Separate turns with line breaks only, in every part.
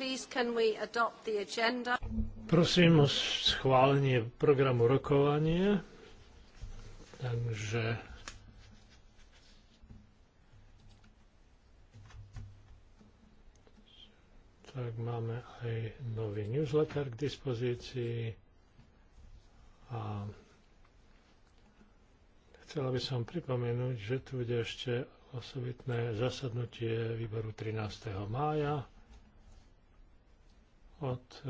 Please, can we adopt the agenda?
Prosím o schválenie programu rokovania. Takže tak máme aj nový newsletter k dispozícii a chcela by som pripomenúť, že tu bude ešte osobitné zasadnutie výboru 13. mája od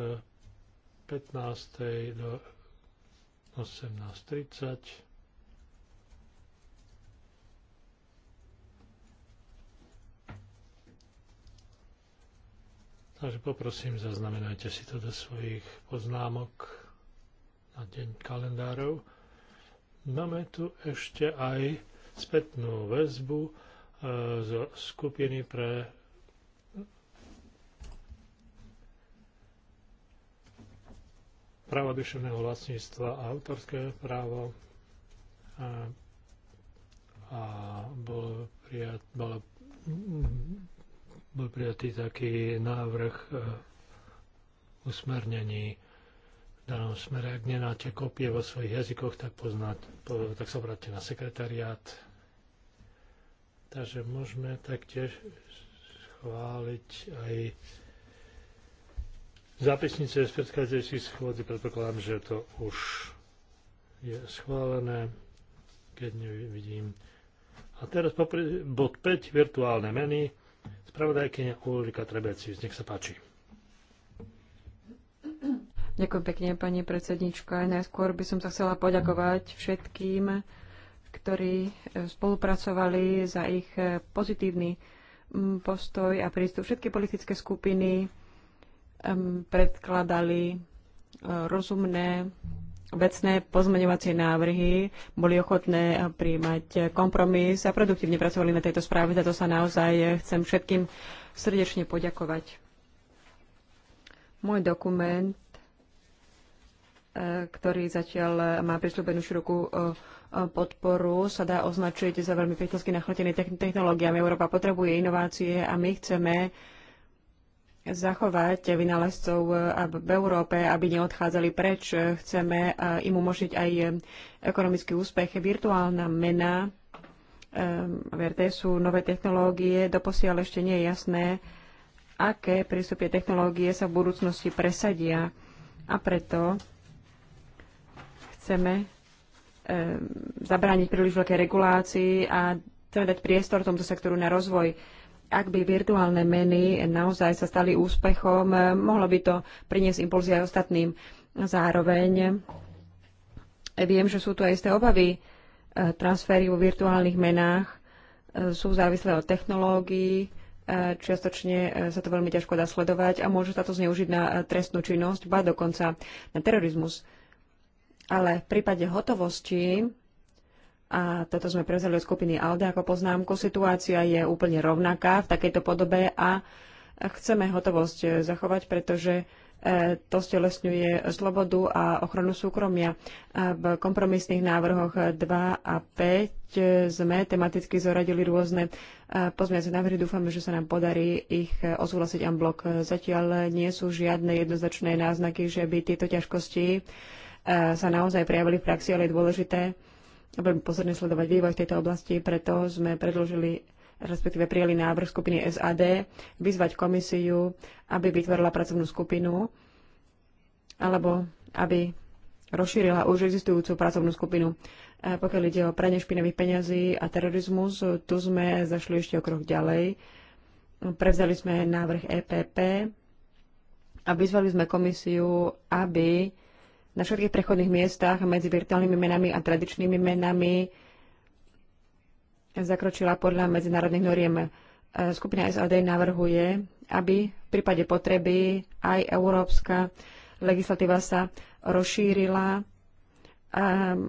15. E, do 18.30. Takže poprosím, zaznamenajte si to do svojich poznámok na deň kalendárov. Máme tu ešte aj spätnú väzbu e, zo skupiny pre práva duševného vlastníctva a autorské právo a, a bol, prijat, bol, bol prijatý taký návrh e, usmernení v danom smere. Ak nenáte kopie vo svojich jazykoch, tak, poznať, po, tak sa obráte na sekretariát. Takže môžeme taktiež schváliť aj Zápisnice z predchádzajúcich schôdzi predpokladám, že to už je schválené, keď nevidím. A teraz popri, bod 5, virtuálne meny. Spravodajkyňa Ulrika Trebecius, nech sa páči.
Ďakujem pekne, pani predsednička. Najskôr by som sa chcela poďakovať všetkým, ktorí spolupracovali za ich pozitívny mm, postoj a prístup všetky politické skupiny predkladali e, rozumné vecné pozmeňovacie návrhy, boli ochotné e, príjmať e, kompromis a produktívne pracovali na tejto správe. Za to sa naozaj chcem všetkým srdečne poďakovať. Môj dokument, ktorý zatiaľ má prislúbenú širokú podporu, sa dá označiť za veľmi priateľsky nachletený technológiami. Európa potrebuje inovácie a my chceme zachovať vynálezcov eh, v Európe, aby neodchádzali preč. Eh, chceme eh, im umožniť aj ekonomický úspech. Virtuálna mena VRT sú nové technológie. Doposiaľ ešte nie je jasné, aké prístupie technológie sa v budúcnosti presadia. A preto chceme zabrániť príliš veľké regulácii a chceme teda dať priestor tomto sektoru na rozvoj ak by virtuálne meny naozaj sa stali úspechom, eh, mohlo by to priniesť impulzy aj ostatným. Zároveň eh, viem, že sú tu aj isté obavy. Eh, transfery vo virtuálnych menách sú závislé od technológií, čiastočne sa to veľmi ťažko dá sledovať a môže sa to zneužiť na trestnú činnosť, ba dokonca na terorizmus. Ale v prípade hotovosti a toto sme prevzali od skupiny ALDE ako poznámku. Situácia je úplne rovnaká v takejto podobe a chceme hotovosť zachovať, pretože e, to stelesňuje slobodu a ochranu súkromia. v kompromisných návrhoch 2 a 5 e, sme tematicky zoradili rôzne e, pozmiace návrhy. Dúfame, že sa nám podarí ich odsúhlasiť blok. Zatiaľ nie sú žiadne jednoznačné náznaky, že by tieto ťažkosti sa naozaj prejavili v praxi, ale je dôležité, a budeme pozorne sledovať vývoj v tejto oblasti, preto sme predložili respektíve prijali návrh skupiny SAD, vyzvať komisiu, aby vytvorila pracovnú skupinu alebo aby rozšírila už existujúcu pracovnú skupinu. A pokiaľ ide o pranie špinavých peňazí a terorizmus, tu sme zašli ešte o krok ďalej. Prevzali sme návrh EPP a vyzvali sme komisiu, aby na všetkých prechodných miestach medzi virtuálnymi menami a tradičnými menami zakročila podľa medzinárodných noriem. E, skupina SAD navrhuje, aby v prípade potreby aj európska legislatíva sa rozšírila ehm,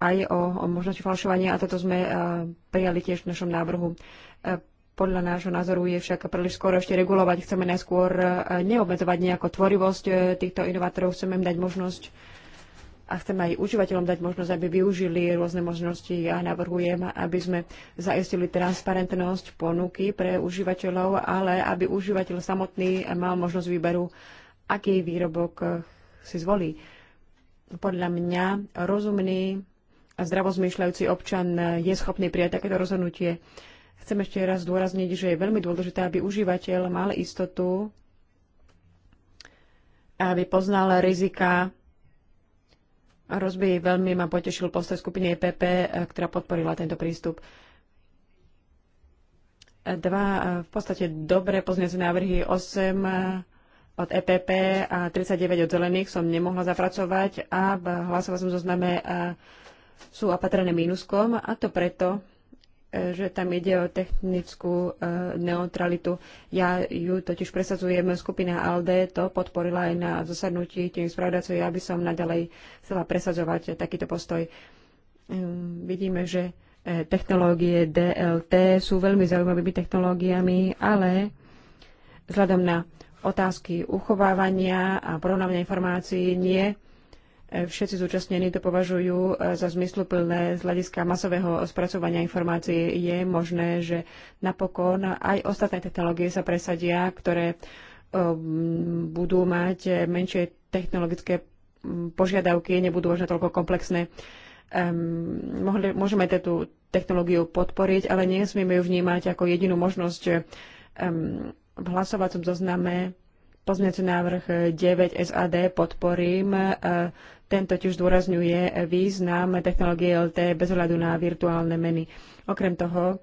aj o, o možnosti falšovania a toto sme e, prijali tiež v našom návrhu. E, podľa nášho názoru je však príliš skoro ešte regulovať. Chceme najskôr e, neobmedzovať nejako tvorivosť e, týchto inovátorov, chceme im dať možnosť a chceme aj užívateľom dať možnosť, aby využili rôzne možnosti. Ja navrhujem, aby sme zaistili transparentnosť ponuky pre užívateľov, ale aby užívateľ samotný mal možnosť výberu, aký výrobok e, si zvolí. Podľa mňa rozumný a zdravozmýšľajúci občan je schopný prijať takéto rozhodnutie. Chcem ešte raz zdôrazniť, že je veľmi dôležité, aby užívateľ mal istotu, aby poznal rizika. Rozby veľmi ma potešil postoj skupiny EPP, eh, ktorá podporila tento prístup dva eh, v podstate dobre pozmeňujúce návrhy 8 eh, od EPP a 39 od zelených som nemohla zapracovať a v hlasovacom zozname sú opatrené mínuskom a to preto, E, že tam ide o technickú e, neutralitu. Ja ju totiž presadzujem, skupina ALDE to podporila aj na zasadnutí tým spravodajcov. Ja by som naďalej chcela presadzovať takýto postoj. Vidíme, že e, technológie DLT sú veľmi zaujímavými technológiami, ale vzhľadom na otázky uchovávania a porovnávania informácií nie E, všetci zúčastnení to považujú e, za zmysluplné z hľadiska masového spracovania informácií. Je možné, že napokon aj ostatné technológie sa presadia, ktoré e, budú mať menšie technologické požiadavky, nebudú možno toľko komplexné. mohli, môžeme tú technológiu podporiť, ale nesmieme ju vnímať ako jedinú možnosť v hlasovacom zozname pozmeňujúci návrh 9 SAD podporím. Ten totiž zdôrazňuje význam technológie LT bez ohľadu na virtuálne meny. Okrem toho,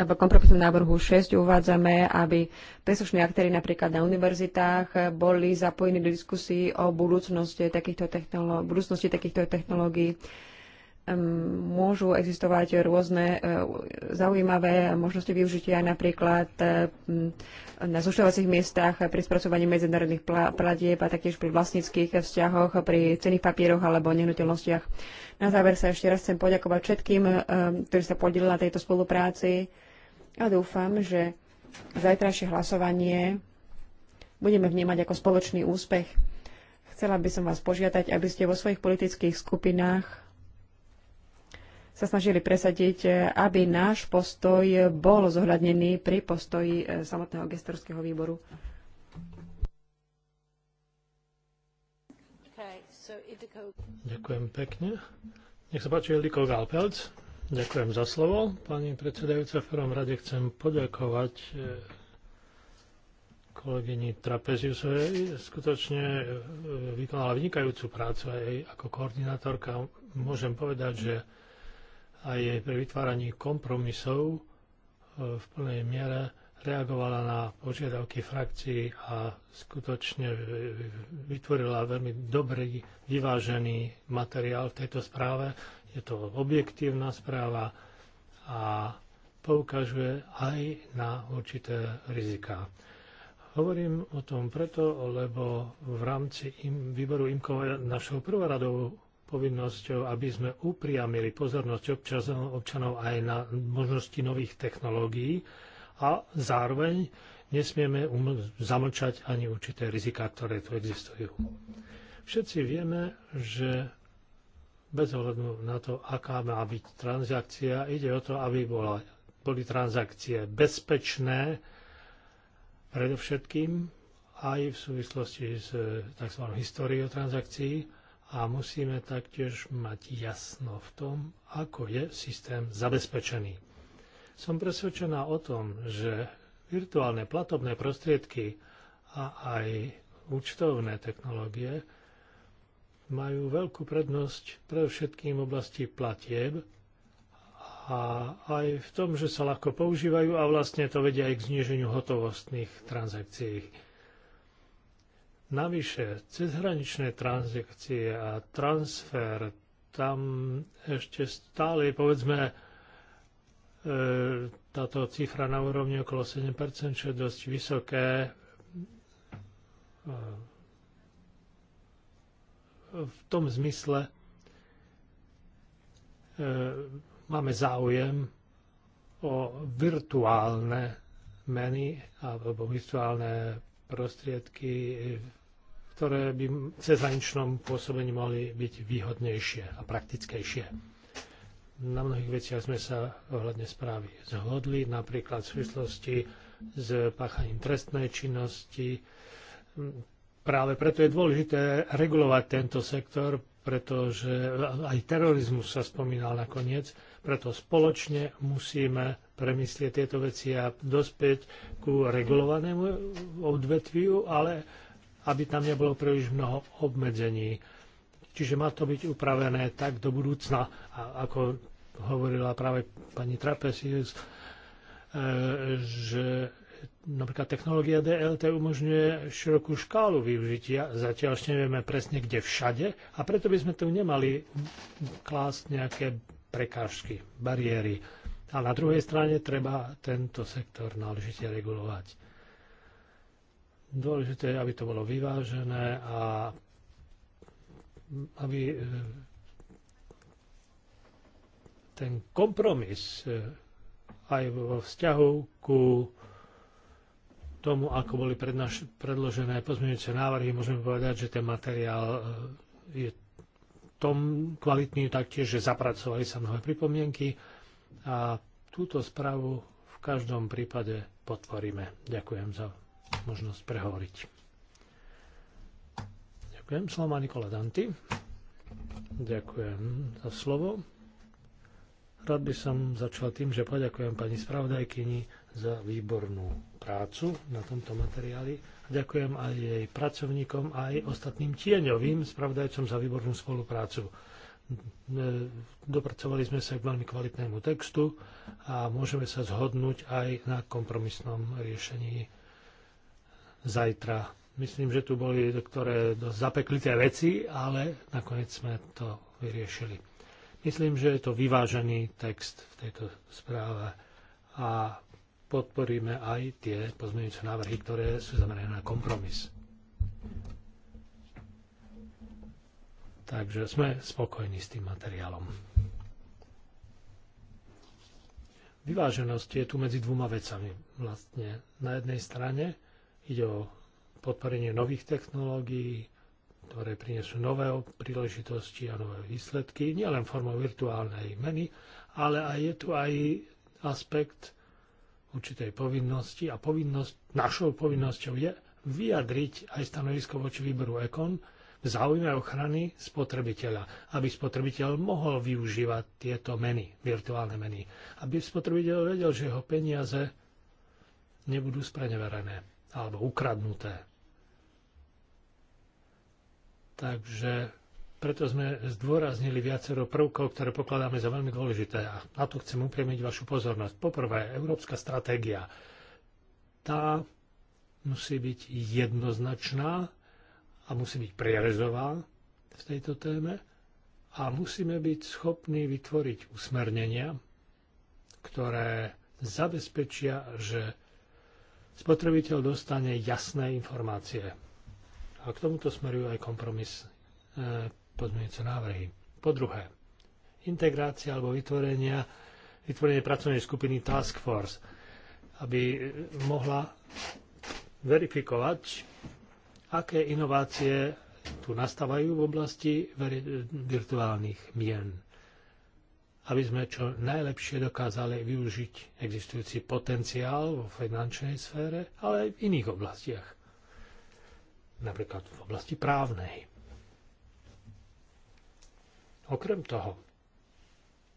v kompromisnom návrhu 6 uvádzame, aby príslušní aktéry napríklad na univerzitách boli zapojení do diskusí o budúcnosti takýchto, technoló- budúcnosti takýchto technológií môžu existovať rôzne e, zaujímavé možnosti využitia napríklad e, na zúšťovacích miestach pri spracovaní medzinárodných platieb a taktiež pri vlastníckých vzťahoch, pri cených papieroch alebo nehnuteľnostiach. Na záver sa ešte raz chcem poďakovať všetkým, e, ktorí sa podielili na tejto spolupráci a dúfam, že zajtrajšie hlasovanie budeme vnímať ako spoločný úspech. Chcela by som vás požiadať, aby ste vo svojich politických skupinách sa snažili presadiť, e, aby náš postoj bol zohľadnený pri postoji e, samotného gestorského výboru.
Ďakujem pekne. Nech sa páči, Eliko Galpelc. Ďakujem za slovo. Pani predsedajúca, v prvom rade chcem poďakovať e, kolegyni Trapeziusovej skutočne vykonala vynikajúcu prácu aj ako koordinátorka. Môžem povedať, že aj pri vytváraní kompromisov e, v plnej miere reagovala na požiadavky frakcií a skutočne vytvorila veľmi dobrý, vyvážený materiál v tejto správe. Je to objektívna správa a poukazuje aj na určité riziká. Hovorím o tom preto, lebo v rámci im, výboru IMKO našou prvoradou povinnosťou, aby sme upriamili pozornosť občanov, občanov aj na možnosti nových technológií a zároveň nesmieme um, zamlčať ani určité riziká, ktoré tu existujú. Všetci vieme, že bez ohľadu na to, aká má byť transakcia, ide o to, aby bola, boli transakcie bezpečné, predovšetkým aj v súvislosti s eh, tzv. históriou transakcií, a musíme taktiež mať jasno v tom, ako je systém zabezpečený. Som presvedčená o tom, že virtuálne platobné prostriedky a aj účtovné technológie majú veľkú prednosť pre všetkým oblasti platieb a aj v tom, že sa ľahko používajú a vlastne to vedia aj k zníženiu hotovostných transakcií. Navyše, cezhraničné transakcie a transfer, tam ešte stále, povedzme, e, táto cifra na úrovni okolo 7%, čo je dosť vysoké. E, v tom zmysle e, máme záujem o virtuálne meny alebo virtuálne prostriedky, ktoré by v cezaničnom pôsobení mohli byť výhodnejšie a praktickejšie. Na mnohých veciach sme sa ohľadne správy zhodli, napríklad v súvislosti s páchaním trestnej činnosti. Práve preto je dôležité regulovať tento sektor, pretože aj terorizmus sa spomínal nakoniec, preto spoločne musíme premyslieť tieto veci a dospieť ku regulovanému odvetviu, ale aby tam nebolo príliš mnoho obmedzení. Čiže má to byť upravené tak do budúcna, a ako hovorila práve pani Trapesius, e, že napríklad technológia DLT umožňuje širokú škálu využitia, zatiaľ ešte nevieme presne kde všade a preto by sme tu nemali klásť nejaké prekážky, bariéry. A na druhej strane treba tento sektor náležite regulovať. Dôležité je, aby to bolo vyvážené a aby e, ten kompromis e, aj vo vzťahu ku tomu, ako boli prednaš- predložené pozmeňujúce návrhy, môžeme povedať, že ten materiál e, je tom kvalitný taktiež, že zapracovali sa mnohé pripomienky a túto správu v každom prípade potvoríme. Ďakujem za možnosť prehovoriť. Ďakujem. Slovo má Nikola Danti. Ďakujem za slovo. Rád by som začal tým, že poďakujem pani spravodajkyni za výbornú prácu na tomto materiáli a ďakujem aj jej pracovníkom, aj ostatným tieňovým spravodajcom za výbornú spoluprácu dopracovali sme sa k veľmi kvalitnému textu a môžeme sa zhodnúť aj na kompromisnom riešení zajtra. Myslím, že tu boli niektoré dosť zapeklité veci, ale nakoniec sme to vyriešili. Myslím, že je to vyvážený text v tejto správe a podporíme aj tie pozmeňujúce návrhy, ktoré sú zamerané na kompromis. Takže sme spokojní s tým materiálom. Vyváženosť je tu medzi dvoma vecami. Vlastne na jednej strane ide o podporenie nových technológií, ktoré prinesú nové príležitosti a nové výsledky, nielen formou virtuálnej meny, ale aj je tu aj aspekt určitej povinnosti a povinnosť, našou povinnosťou je vyjadriť aj stanovisko voči výboru EKON, záujme ochrany spotrebiteľa, aby spotrebiteľ mohol využívať tieto meny, virtuálne meny, aby spotrebiteľ vedel, že jeho peniaze nebudú spreneverené alebo ukradnuté. Takže preto sme zdôraznili viacero prvkov, ktoré pokladáme za veľmi dôležité a na to chcem upriemiť vašu pozornosť. Poprvé, európska stratégia. Tá musí byť jednoznačná a musí byť prierezová v tejto téme a musíme byť schopní vytvoriť usmernenia, ktoré zabezpečia, že spotrebiteľ dostane jasné informácie. A k tomuto smerujú aj kompromis e, pozmeňujúce návrhy. Po druhé, integrácia alebo vytvorenia, vytvorenie pracovnej skupiny Task Force, aby mohla verifikovať aké inovácie tu nastávajú v oblasti virtuálnych mien, aby sme čo najlepšie dokázali využiť existujúci potenciál vo finančnej sfére, ale aj v iných oblastiach, napríklad v oblasti právnej. Okrem toho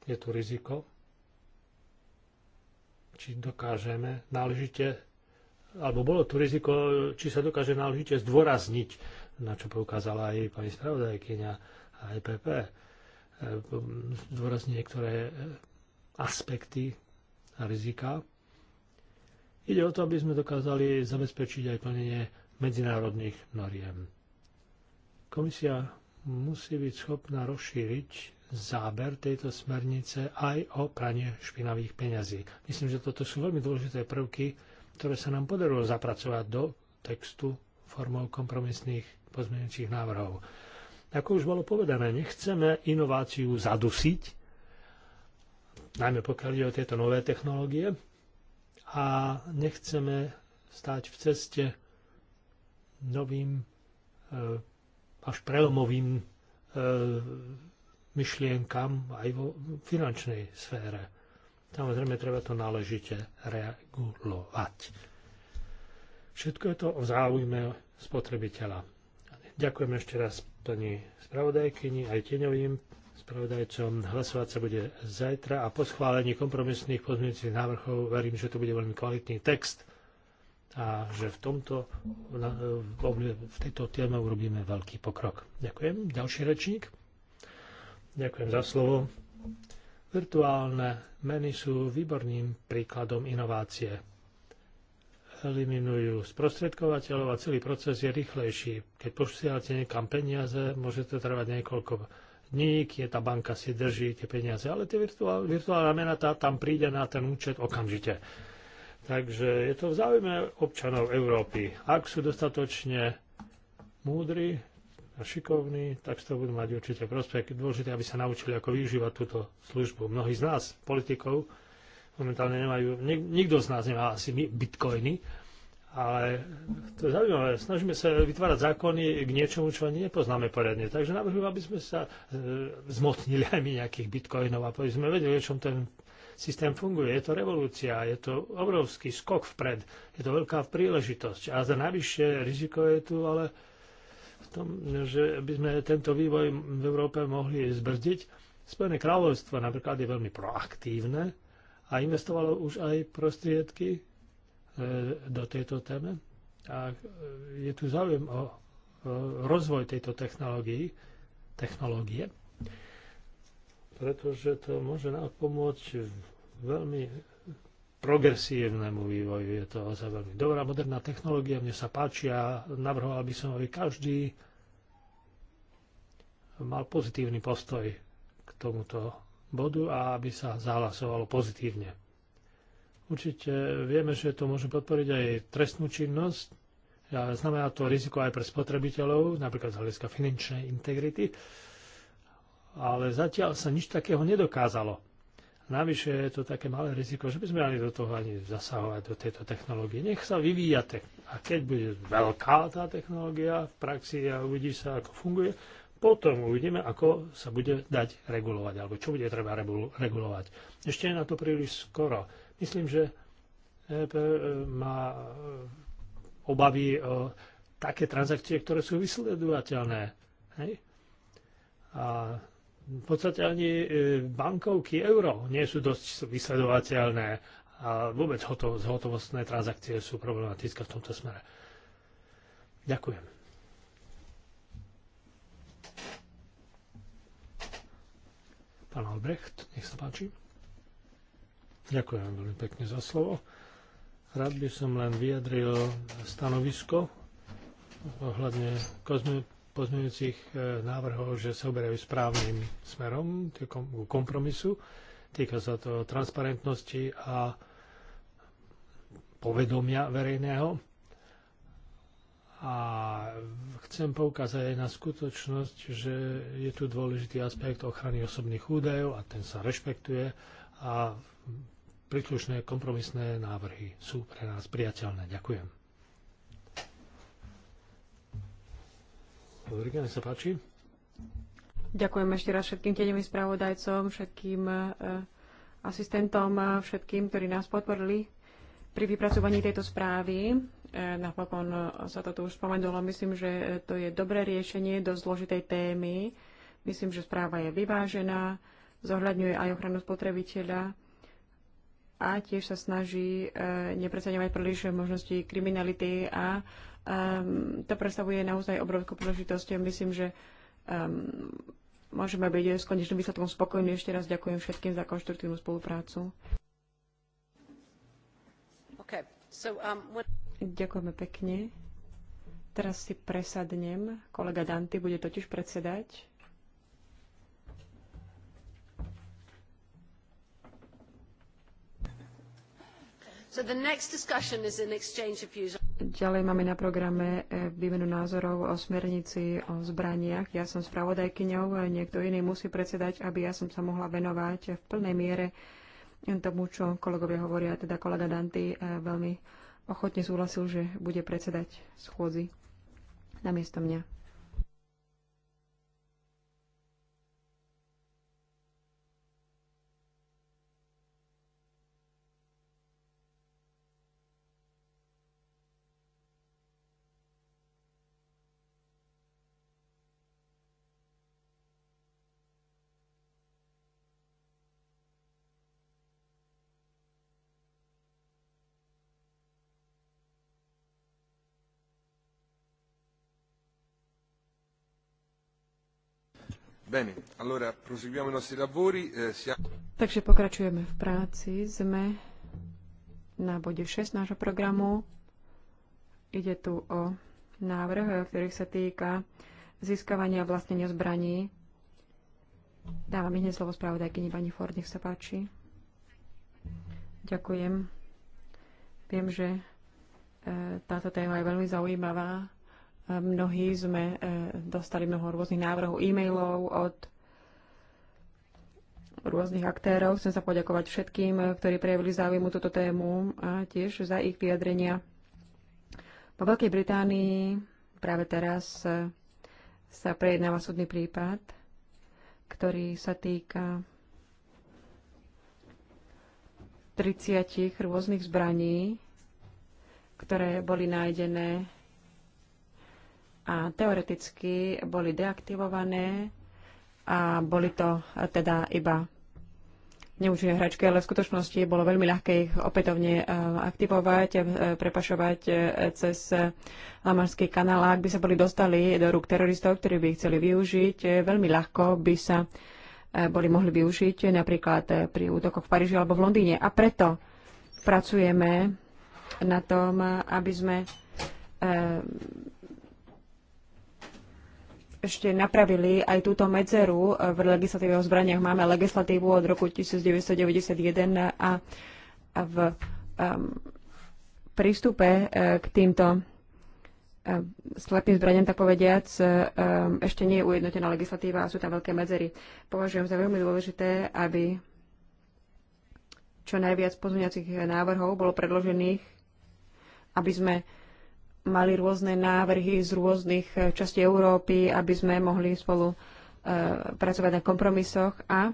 je tu riziko, či dokážeme náležite alebo bolo tu riziko, či sa dokáže náležite zdôrazniť, na čo poukázala aj pani spravodajkyňa a aj e PP, e, zdôrazniť niektoré e, aspekty a rizika. Ide o to, aby sme dokázali zabezpečiť aj plnenie medzinárodných noriem. Komisia musí byť schopná rozšíriť záber tejto smernice aj o pranie špinavých peňazí. Myslím, že toto sú veľmi dôležité prvky, ktoré sa nám podarilo zapracovať do textu formou kompromisných pozmeňujúcich návrhov. Ako už bolo povedané, nechceme inováciu zadusiť, najmä pokiaľ ide o tieto nové technológie, a nechceme stáť v ceste novým e, až prelomovým e, myšlienkam aj vo finančnej sfére. Samozrejme, treba to náležite regulovať. Všetko je to v záujme spotrebiteľa. Ďakujem ešte raz pani spravodajkyni aj tieňovým spravodajcom. Hlasovať sa bude zajtra a po schválení kompromisných pozmeňujúcich návrhov verím, že to bude veľmi kvalitný text a že v, tomto, v tejto téme urobíme veľký pokrok. Ďakujem. Ďalší rečník. Ďakujem za slovo. Virtuálne meny sú výborným príkladom inovácie. Eliminujú sprostredkovateľov a celý proces je rýchlejší. Keď posielate niekam peniaze, môže to trvať niekoľko dní, kde tá banka si drží tie peniaze, ale tie virtuál, virtuálna mena tá tam príde na ten účet okamžite. Takže je to v záujme občanov Európy. Ak sú dostatočne múdri, šikovní, tak z toho budú mať určite prospech. Dôležité, aby sa naučili, ako využívať túto službu. Mnohí z nás, politikov, momentálne nemajú, nik, nikto z nás nemá asi bitcoiny, ale to je zaujímavé. Snažíme sa vytvárať zákony k niečomu, čo ani nepoznáme poriadne. Takže navrhujem, aby sme sa e, zmotnili aj my nejakých bitcoinov a aby sme vedeli, o čom ten systém funguje. Je to revolúcia, je to obrovský skok vpred, je to veľká príležitosť. A za najvyššie riziko je tu ale tom, že by sme tento vývoj v Európe mohli zbrzdiť. Spojené kráľovstvo napríklad je veľmi proaktívne a investovalo už aj prostriedky e, do tejto téme. A e, je tu záujem o rozvoj tejto technológie, technológie, pretože to môže nám pomôcť veľmi progresívnemu vývoju. Je to ozaj veľmi dobrá moderná technológia, mne sa páči a navrhoval by som, aby každý mal pozitívny postoj k tomuto bodu a aby sa zahlasovalo pozitívne. Určite vieme, že to môže podporiť aj trestnú činnosť. Znamená to riziko aj pre spotrebiteľov, napríklad z hľadiska finančnej integrity. Ale zatiaľ sa nič takého nedokázalo. Navyše je to také malé riziko, že by sme mali do toho ani zasahovať do tejto technológie. Nech sa vyvíja te- a keď bude veľká tá technológia v praxi a uvidí sa, ako funguje, potom uvidíme, ako sa bude dať regulovať, alebo čo bude treba regulovať. Ešte je na to príliš skoro. Myslím, že EP má e, obavy o také transakcie, ktoré sú vysledovateľné. Hej? A v podstate ani e, bankovky euro nie sú dosť vysledovateľné a vôbec hotovostné transakcie sú problematické v tomto smere. Ďakujem. Pán Albrecht, nech sa páči. Ďakujem veľmi pekne za slovo. Rád by som len vyjadril stanovisko ohľadne pozmeňujúcich e, návrhov, že sa oberajú správnym smerom ku kompromisu. Týka sa to transparentnosti a povedomia verejného. A chcem poukázať aj na skutočnosť, že je tu dôležitý aspekt ochrany osobných údajov a ten sa rešpektuje a príslušné kompromisné návrhy sú pre nás priateľné. Ďakujem. Ulrike, nech sa páči.
Ďakujem ešte raz všetkým tedevým spravodajcom, všetkým e, asistentom, všetkým, ktorí nás podporili pri vypracovaní tejto správy. E, napokon sa to tu už spomenulo. Myslím, že to je dobré riešenie do zložitej témy. Myslím, že správa je vyvážená, zohľadňuje aj ochranu spotrebiteľa a tiež sa snaží e, nepreceňovať príliš možnosti kriminality a um, to predstavuje naozaj obrovskú príležitosť. Myslím, že um, môžeme byť s konečným výsledkom spokojní. Ešte raz ďakujem všetkým za konštruktívnu spoluprácu. Okay. So, um, what... Ďakujeme pekne. Teraz si presadnem. Kolega Danty bude totiž predsedať. So the next discussion
is an exchange of views.
Ďalej máme na programe e, výmenu názorov o smernici o zbraniach. Ja som spravodajkyňou, e, niekto iný musí predsedať, aby ja som sa mohla venovať v plnej miere tomu, čo kolegovia hovoria. Teda kolega Danty e, veľmi ochotne súhlasil, že bude predsedať schôdzi namiesto mňa. Eh, Takže pokračujeme v práci. Sme na bode 6 nášho programu. Ide tu o návrh, eh, ktorý sa týka získavania vlastnenia zbraní. Dávam hneď slovo spravodajkyni pani Ford, nech sa páči. Ďakujem. Viem, že eh, táto téma je veľmi zaujímavá Mnohí sme e, dostali mnoho rôznych návrhov, e-mailov od rôznych aktérov. Chcem sa poďakovať všetkým, e, ktorí prejavili záujem o túto tému a tiež za ich vyjadrenia. Po Veľkej Británii práve teraz e, sa prejednáva súdny prípad, ktorý sa týka 30 rôznych zbraní, ktoré boli nájdené a teoreticky boli deaktivované a boli to teda iba neúčinné hračky, ale v skutočnosti bolo veľmi ľahké ich opätovne e, aktivovať, e, prepašovať e, cez lamarský kanál. A ak by sa boli dostali do rúk teroristov, ktorí by ich chceli využiť, veľmi ľahko by sa boli mohli využiť napríklad pri útokoch v Paríži alebo v Londýne. A preto pracujeme na tom, aby sme ešte napravili aj túto medzeru v legislatíve o zbraniach. Máme legislatívu od roku 1991 a v um, prístupe eh, k týmto eh, slepým zbraniam, tak povediac, eh, um, ešte nie je ujednotená legislatíva a sú tam veľké medzery. Považujem za veľmi dôležité, aby čo najviac pozmeňacích návrhov bolo predložených, aby sme mali rôzne návrhy z rôznych e, častí Európy, aby sme mohli spolu e, pracovať na kompromisoch a e,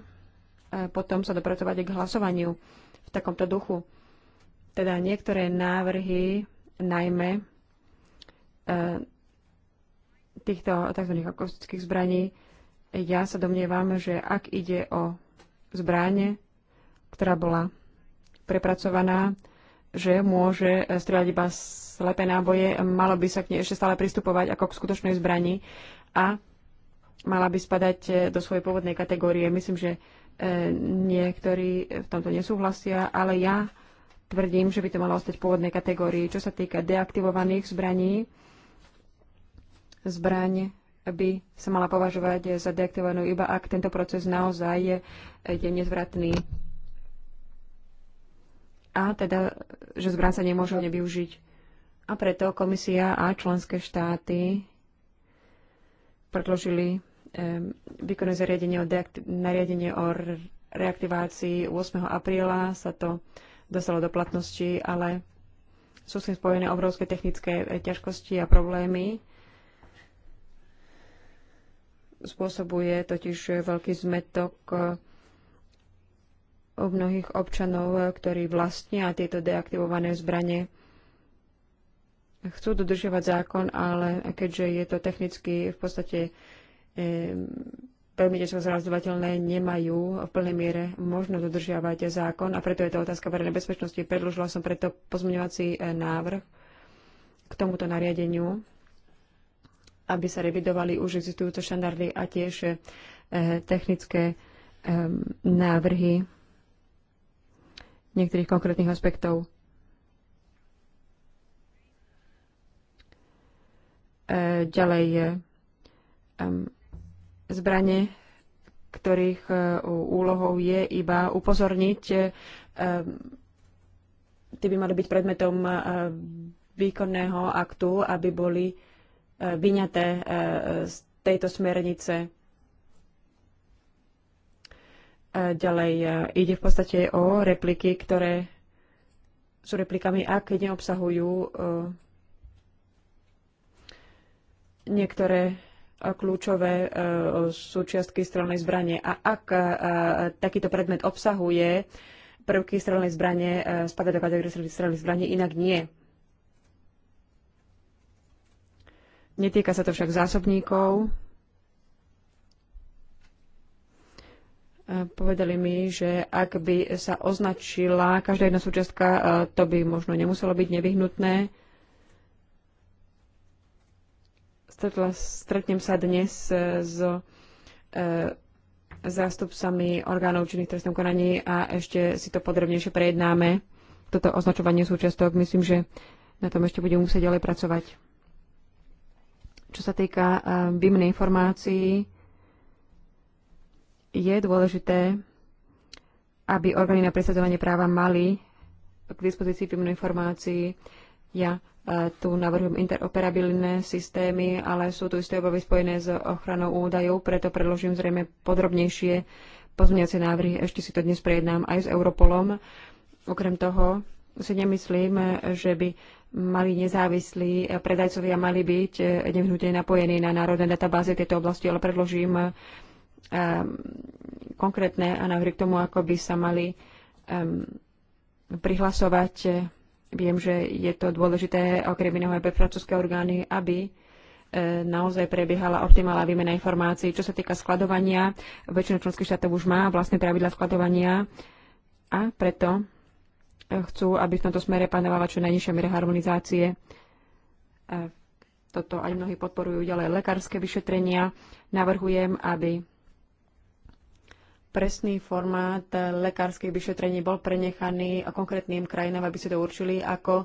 potom sa dopracovať k hlasovaniu v takomto duchu. Teda niektoré návrhy, najmä týchto tzv. akustických zbraní, ja sa domnievam, že ak ide o zbráne, ktorá bola prepracovaná, že môže strieľať iba z slepé náboje, malo by sa k nej ešte stále pristupovať ako k skutočnej zbrani a mala by spadať eh, do svojej pôvodnej kategórie. Myslím, že eh, niektorí v tomto nesúhlasia, ale ja tvrdím, že by to malo ostať v pôvodnej kategórii. Čo sa týka deaktivovaných zbraní, zbraň by sa mala považovať za deaktivovanú iba ak tento proces naozaj je, je nezvratný a teda, že zbraň sa nemôže nevyužiť. A preto komisia a členské štáty predložili výkonné zariadenie o nariadenie o reaktivácii 8. apríla sa to dostalo do platnosti, ale sú s tým spojené obrovské technické e, ťažkosti a problémy. Spôsobuje totiž veľký zmetok e, u mnohých občanov, e, ktorí vlastnia tieto deaktivované zbranie chcú dodržiavať zákon, ale keďže je to technicky v podstate e, veľmi ťažko zrazdovateľné, nemajú v plnej miere možno dodržiavať zákon a preto je to otázka verejnej bezpečnosti. Predložila som preto pozmeňovací e, návrh k tomuto nariadeniu, aby sa revidovali už existujúce štandardy a tiež e, technické návrhy niektorých konkrétnych aspektov. E, ďalej zbranie, ktorých e, úlohou je iba upozorniť. E, Tí by mali byť predmetom výkonného aktu, aby boli vyňaté z tejto smernice. Ďalej ide v podstate o repliky, ktoré sú replikami, ak neobsahujú niektoré e, kľúčové e, súčiastky strelnej zbranie. A ak e, takýto predmet obsahuje prvky strelnej zbranie spada do kategórie strelnej zbranie inak nie. Netýka sa to však zásobníkov. Povedali mi, že ak by sa označila každá jedna súčiastka, to by možno nemuselo byť nevyhnutné. Stretla, stretnem sa dnes e, s e, zástupcami orgánov činných trestnom konaní a ešte si to podrobnejšie prejednáme. Toto označovanie súčiastok, myslím, že na tom ešte budeme musieť ďalej pracovať. Čo sa týka výmeny e, informácií, je dôležité, aby orgány na presadzovanie práva mali k dispozícii výmenu informácií. Ja tu navrhujem interoperabilné systémy, ale sú tu isté obavy spojené s ochranou údajov, preto predložím zrejme podrobnejšie pozmeniace návrhy. Ešte si to dnes prejednám aj s Europolom. Okrem toho si nemyslím, že by mali nezávislí predajcovia mali byť nevyhnutne napojení na národné databázy tejto oblasti, ale predložím um, konkrétne a návrhy k tomu, ako by sa mali um, prihlasovať Viem, že je to dôležité okrem iného aj pre francúzske orgány, aby e, naozaj prebiehala optimálna výmena informácií. Čo sa týka skladovania, väčšina členských štátov už má vlastné pravidla skladovania a preto e, chcú, aby v tomto smere panovala čo najnižšia miera harmonizácie. E, toto aj mnohí podporujú ďalej lekárske vyšetrenia. Navrhujem, aby presný formát lekárskych vyšetrení bol prenechaný konkrétnym krajinám, aby si to určili, ako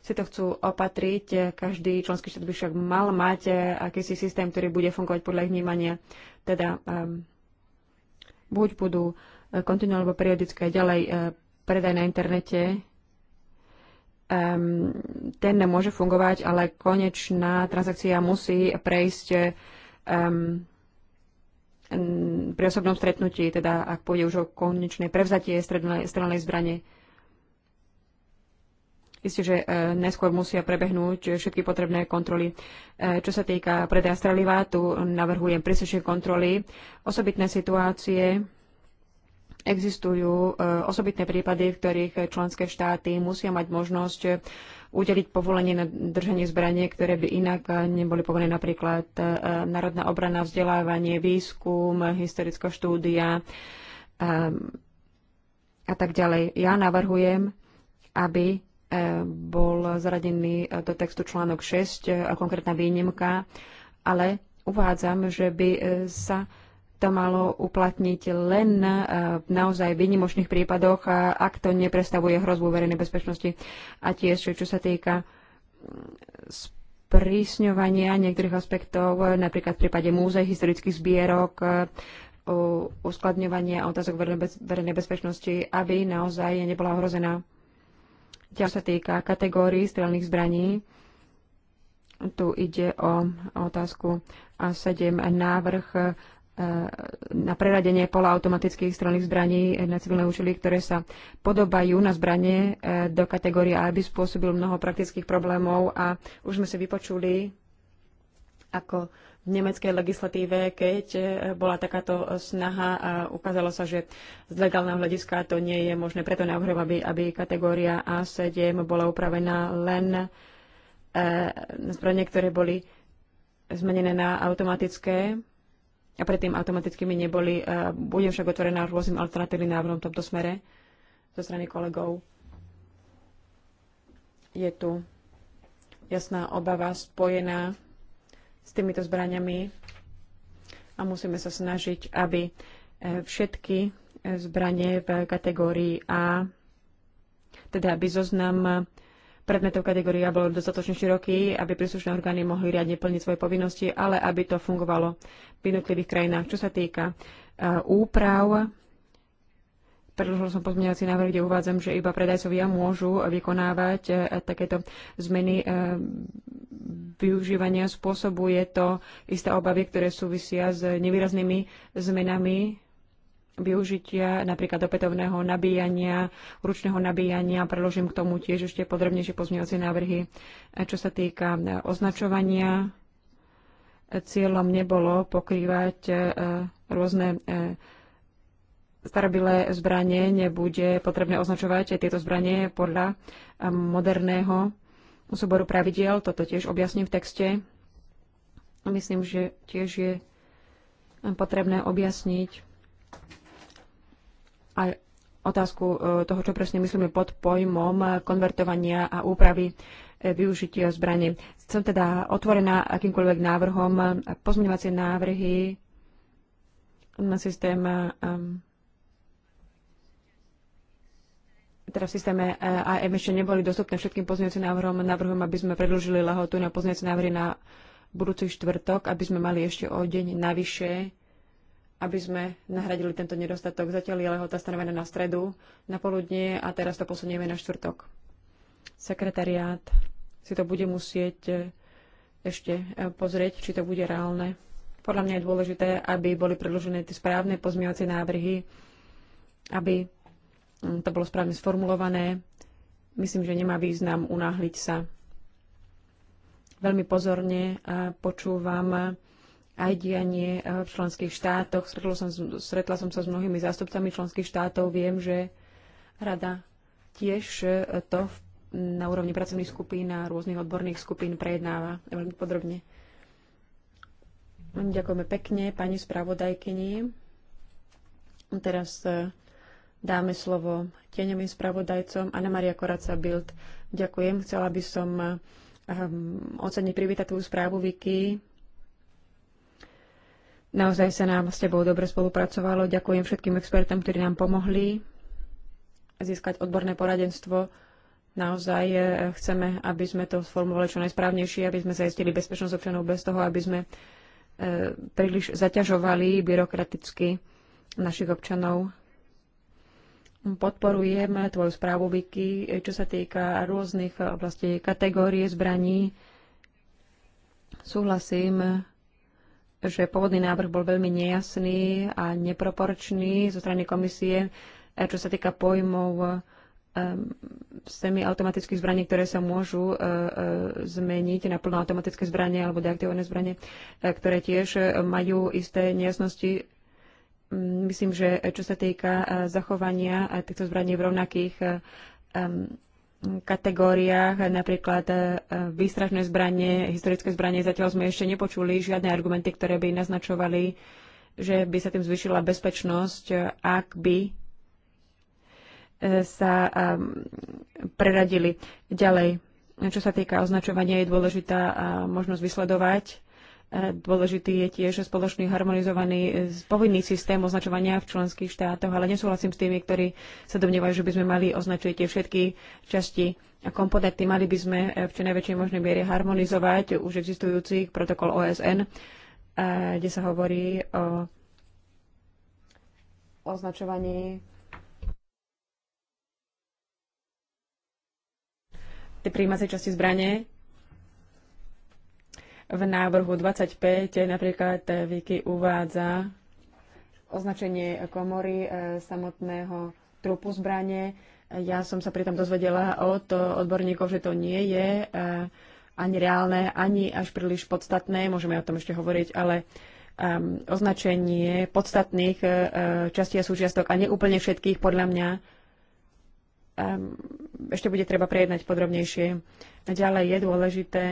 si to chcú opatriť. Každý členský štát by však mal mať eh, akýsi systém, ktorý bude fungovať podľa ich vnímania. Teda um, buď budú eh, kontinuálne alebo periodické ďalej uh, predaj na internete, um, ten nemôže fungovať, ale konečná transakcia musí prejsť um, pri osobnom stretnutí, teda ak pôjde už o konečné prevzatie strelnej zbrane. Isté, že e, neskôr musia prebehnúť všetky potrebné kontroly. E, čo sa týka predaja streliva, tu navrhujem príslušné kontroly. Osobitné situácie existujú, e, osobitné prípady, v ktorých členské štáty musia mať možnosť udeliť povolenie na držanie zbranie, ktoré by inak eh, neboli povolené napríklad eh, národná obrana, vzdelávanie, výskum, historická štúdia ehm, a tak ďalej. Ja navrhujem, aby eh, bol zradený do textu článok 6 a konkrétna výnimka, ale uvádzam, že by sa to malo uplatniť len e, v naozaj výnimočných prípadoch, ak to neprestavuje hrozbu verejnej bezpečnosti. A tiež, čo sa týka mm, sprísňovania niektorých aspektov, napríklad v prípade múzeí historických zbierok, e, uskladňovania otázok verejnej bezpečnosti, aby naozaj nebola ohrozená. Čo sa týka kategórií strelných zbraní, tu ide o otázku a 7 návrh Eh, na preradenie pola automatických strelných zbraní na civilné účely, ktoré sa podobajú na zbranie eh, do kategórie A, aby spôsobil mnoho praktických problémov a už sme si vypočuli, ako v nemeckej legislatíve, keď eh, bola takáto snaha a ukázalo sa, že z legálneho hľadiska to nie je možné. Preto navrhujem, aby, aby kategória A7 bola upravená len na zbranie, ktoré boli zmenené na automatické a predtým automatickými neboli. E, budem však otvorená rôznym alternatívnym návrhom v tomto smere zo strany kolegov. Je tu jasná obava spojená s týmito zbraniami a musíme sa snažiť, aby e, všetky zbranie v kategórii A, teda aby zoznam predmetov kategória bol dostatočne široký, aby príslušné orgány mohli riadne plniť svoje povinnosti, ale aby to fungovalo v jednotlivých krajinách. Čo sa týka eh, úprav, predložil som pozmeňovací návrh, kde uvádzam, že iba predajcovia môžu vykonávať eh, takéto zmeny eh, využívania. Je to isté obavy, ktoré súvisia s nevýraznými zmenami využitia napríklad opätovného nabíjania, ručného nabíjania. Preložím k tomu tiež ešte podrobnejšie pozmeňovacie návrhy. Čo sa týka e, označovania, e, cieľom nebolo pokrývať e, rôzne starobilé zbranie, nebude potrebné označovať aj tieto zbranie podľa moderného súboru pravidiel. Toto tiež objasním v texte. Myslím, že tiež je potrebné objasniť a otázku e, toho, čo presne myslíme pod pojmom konvertovania a úpravy e, využitia zbrane. Som teda otvorená akýmkoľvek návrhom. Pozmeňovacie návrhy na systém teda v systéme e, AM ešte neboli dostupné všetkým pozmeňovacím návrhom. návrhom, aby sme predlžili lehotu na pozmeňovacie návrhy na budúci štvrtok, aby sme mali ešte o deň navyše aby sme nahradili tento nedostatok. Zatiaľ je lehota stanovená na stredu, na poludnie a teraz to posunieme na štvrtok. Sekretariát si to bude musieť e, ešte e, pozrieť, či to bude reálne. Podľa mňa je dôležité, aby boli predložené tie správne pozmievacie návrhy, aby mm, to bolo správne sformulované. Myslím, že nemá význam unáhliť sa. Veľmi pozorne e, počúvam aj dianie eh, v členských štátoch. Stretla som, stretla som sa s mnohými zástupcami členských štátov. Viem, že rada tiež eh, to na úrovni pracovných skupín a rôznych odborných skupín prejednáva veľmi podrobne. Ďakujeme pekne pani spravodajkyni. Teraz eh, dáme slovo tieňovým spravodajcom. Anna Maria Koraca Bild. Ďakujem. Chcela by som hm, oceniť privítať tvoju správu, Vicky. Naozaj sa nám s tebou dobre spolupracovalo. Ďakujem všetkým expertom, ktorí nám pomohli získať odborné poradenstvo. Naozaj eh, chceme, aby sme to sformovali čo najsprávnejšie, aby sme zajistili bezpečnosť občanov bez toho, aby sme eh, príliš zaťažovali byrokraticky našich občanov. Podporujem tvoju správu, Vicky, eh, čo sa týka rôznych oblastí kategórie zbraní. Súhlasím že pôvodný návrh bol veľmi nejasný a neproporčný zo strany komisie, e, čo sa týka pojmov e, semiautomatických zbraní, ktoré sa môžu e, zmeniť na plnoautomatické zbranie alebo deaktivované zbranie, ktoré tiež majú isté nejasnosti. Myslím, že čo sa týka zachovania týchto zbraní v rovnakých kategóriách, napríklad e, výstražné zbranie, historické zbranie, zatiaľ sme ešte nepočuli žiadne argumenty, ktoré by naznačovali, že by sa tým zvyšila bezpečnosť, ak by e, sa e, preradili. Ďalej, čo sa týka označovania, je dôležitá možnosť vysledovať Dôležitý je tiež spoločný harmonizovaný eh, povinný systém označovania v členských štátoch, ale nesúhlasím s tými, ktorí sa domnievajú, že by sme mali označiť tie všetky časti a komponenty. Mali by sme eh, v čo najväčšej možnej miere harmonizovať už existujúci protokol OSN, eh, kde sa hovorí o označovaní tie príjmacej časti zbranie. V návrhu 25 napríklad Viki uvádza označenie komory e, samotného trupu zbranie. Ja som sa pritom dozvedela od odborníkov, že to nie je e, ani reálne, ani až príliš podstatné. Môžeme o tom ešte hovoriť, ale um, označenie podstatných uh, častí a súčiastok a neúplne všetkých podľa mňa um, ešte bude treba prejednať podrobnejšie. Ďalej je dôležité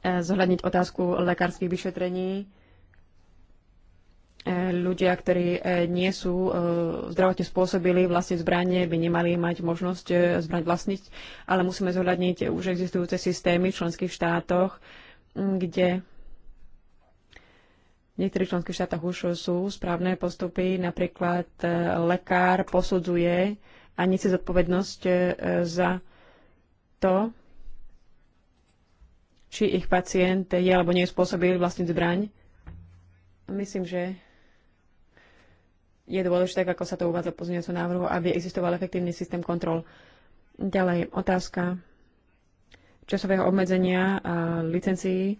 E, zohľadniť otázku lekárskych vyšetrení. E, ľudia, ktorí e, nie sú zdravotne spôsobili vlastniť zbranie, by nemali mať možnosť zbrať vlastniť, ale musíme zohľadniť už existujúce systémy v členských štátoch, kde v niektorých členských štátoch už sú správne postupy, napríklad lekár posudzuje a nesie zodpovednosť za to, či ich pacient je alebo nie je spôsobil vlastniť zbraň. Myslím, že je dôležité, ako sa to uvádza v pozmeňovacom návrhu, aby existoval efektívny systém kontrol. Ďalej, otázka časového obmedzenia a licencií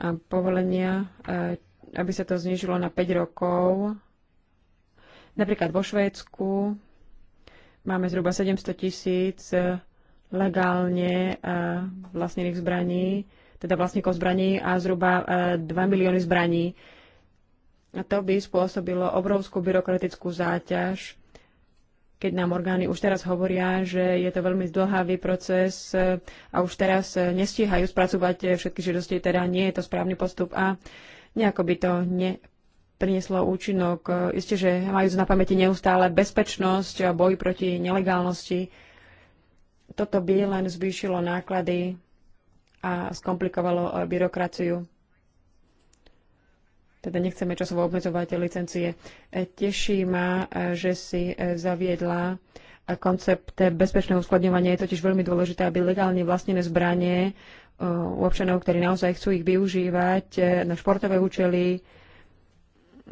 a povolenia, e, aby sa to znižilo na 5 rokov. Napríklad vo Švédsku máme zhruba 700 tisíc 000 legálne eh, vlastnených zbraní, teda vlastníkov zbraní a zhruba 2 eh, milióny zbraní. A to by spôsobilo obrovskú byrokratickú záťaž, keď nám orgány už teraz hovoria, že je to veľmi zdlhavý proces eh, a už teraz nestíhajú spracovať všetky žiadosti, teda nie je to správny postup a nejako by to neprinieslo účinok. Isté, že majú na pamäti neustále bezpečnosť a boj proti nelegálnosti toto by len zvýšilo náklady a skomplikovalo eh, byrokraciu. Teda nechceme časovo obmedzovať licencie. Eh, teší ma, eh, že si zaviedla koncept bezpečného uskladňovania. Je totiž veľmi dôležité, aby legálne vlastnené zbranie u občanov, ktorí naozaj chcú ich využívať na športové účely,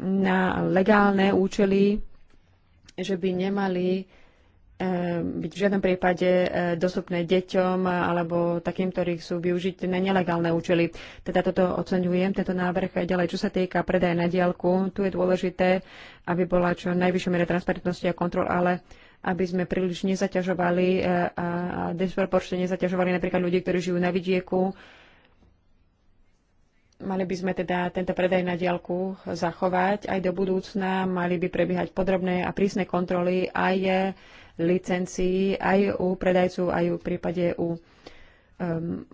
na legálne účely, že by nemali E, byť v žiadnom prípade e, dostupné deťom alebo takým, ktorých sú využiť na nelegálne účely. Teda toto oceňujem, tento návrh. Ďalej, čo sa týka predaja na diálku, tu je dôležité, aby bola čo najvyššia miera transparentnosti a kontrol, ale aby sme príliš nezaťažovali e, a disproporčne nezaťažovali napríklad ľudí, ktorí žijú na vidieku. Mali by sme teda tento predaj na diálku zachovať aj do budúcna. Mali by prebiehať podrobné a prísne kontroly aj je licencií aj u predajcu, aj v prípade u um,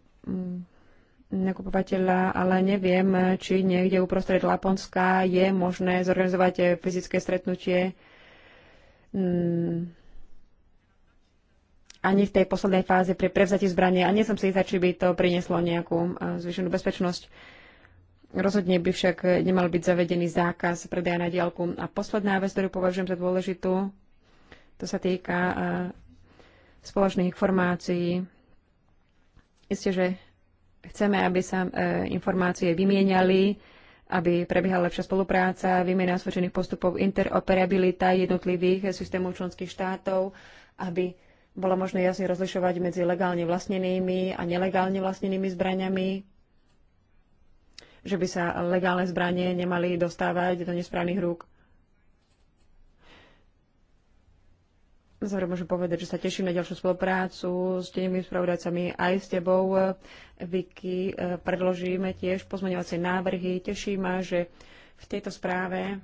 nakupovateľa, ale neviem, či niekde uprostred Laponska je možné zorganizovať fyzické stretnutie um, ani v tej poslednej fáze pri prevzati zbranie a nie som si istá, či by to prinieslo nejakú uh, zvýšenú bezpečnosť. Rozhodne by však nemal byť zavedený zákaz predaja na diálku. A posledná vec, ktorú považujem za dôležitú, to sa týka e, spoločných informácií. Isté, že chceme, aby sa e, informácie vymieniali, aby prebiehala lepšia spolupráca, výmena osvedčených postupov, interoperabilita jednotlivých systémov členských štátov, aby bolo možné jasne rozlišovať medzi legálne vlastnenými a nelegálne vlastnenými zbraniami, že by sa legálne zbranie nemali dostávať do nesprávnych rúk. zároveň môžem povedať, že sa teším na ďalšiu spoluprácu s tenými spravodajcami aj s tebou, Vicky. E, predložíme tiež pozmeňovacie návrhy. Teší ma, že v tejto správe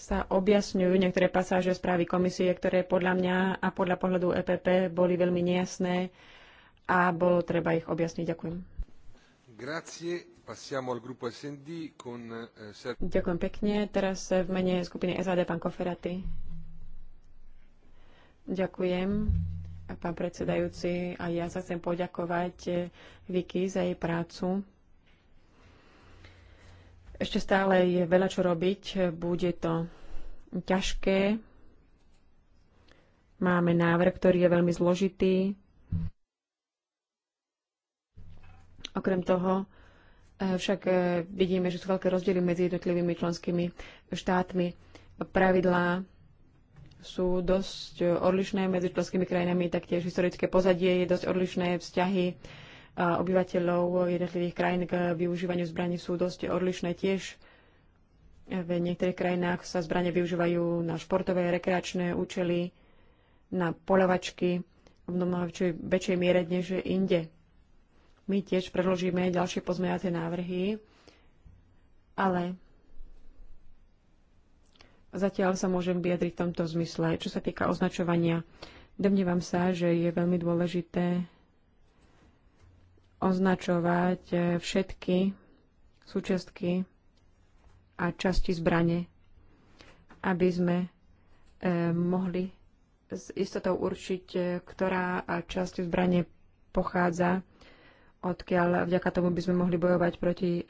sa objasňujú niektoré pasáže správy komisie, ktoré podľa mňa a podľa pohľadu EPP boli veľmi nejasné a bolo treba ich objasniť. Ďakujem.
Con... Eh, Ďakujem
pekne. Teraz v mene skupiny SAD pán Koferaty. Ďakujem, pán predsedajúci, a ja sa chcem poďakovať eh, Viki za jej prácu. Ešte stále je veľa čo robiť, bude to ťažké. Máme návrh, ktorý je veľmi zložitý. Okrem toho, eh, však eh, vidíme, že sú veľké rozdiely medzi jednotlivými členskými štátmi. Pravidlá sú dosť odlišné medzi členskými krajinami, taktiež historické pozadie je dosť odlišné, vzťahy obyvateľov jednotlivých krajín k využívaniu zbraní sú dosť odlišné tiež. V niektorých krajinách sa zbranie využívajú na športové, rekreačné účely, na poľavačky v mnohej väčšej miere než inde. My tiež predložíme ďalšie pozmeňovacie návrhy, ale Zatiaľ sa môžem vyjadriť v tomto zmysle. Čo sa týka označovania, domnievam sa, že je veľmi dôležité označovať eh, všetky súčiastky a časti zbrane, aby sme eh, mohli s istotou určiť, eh, ktorá časť zbrane pochádza, odkiaľ vďaka tomu by sme mohli bojovať proti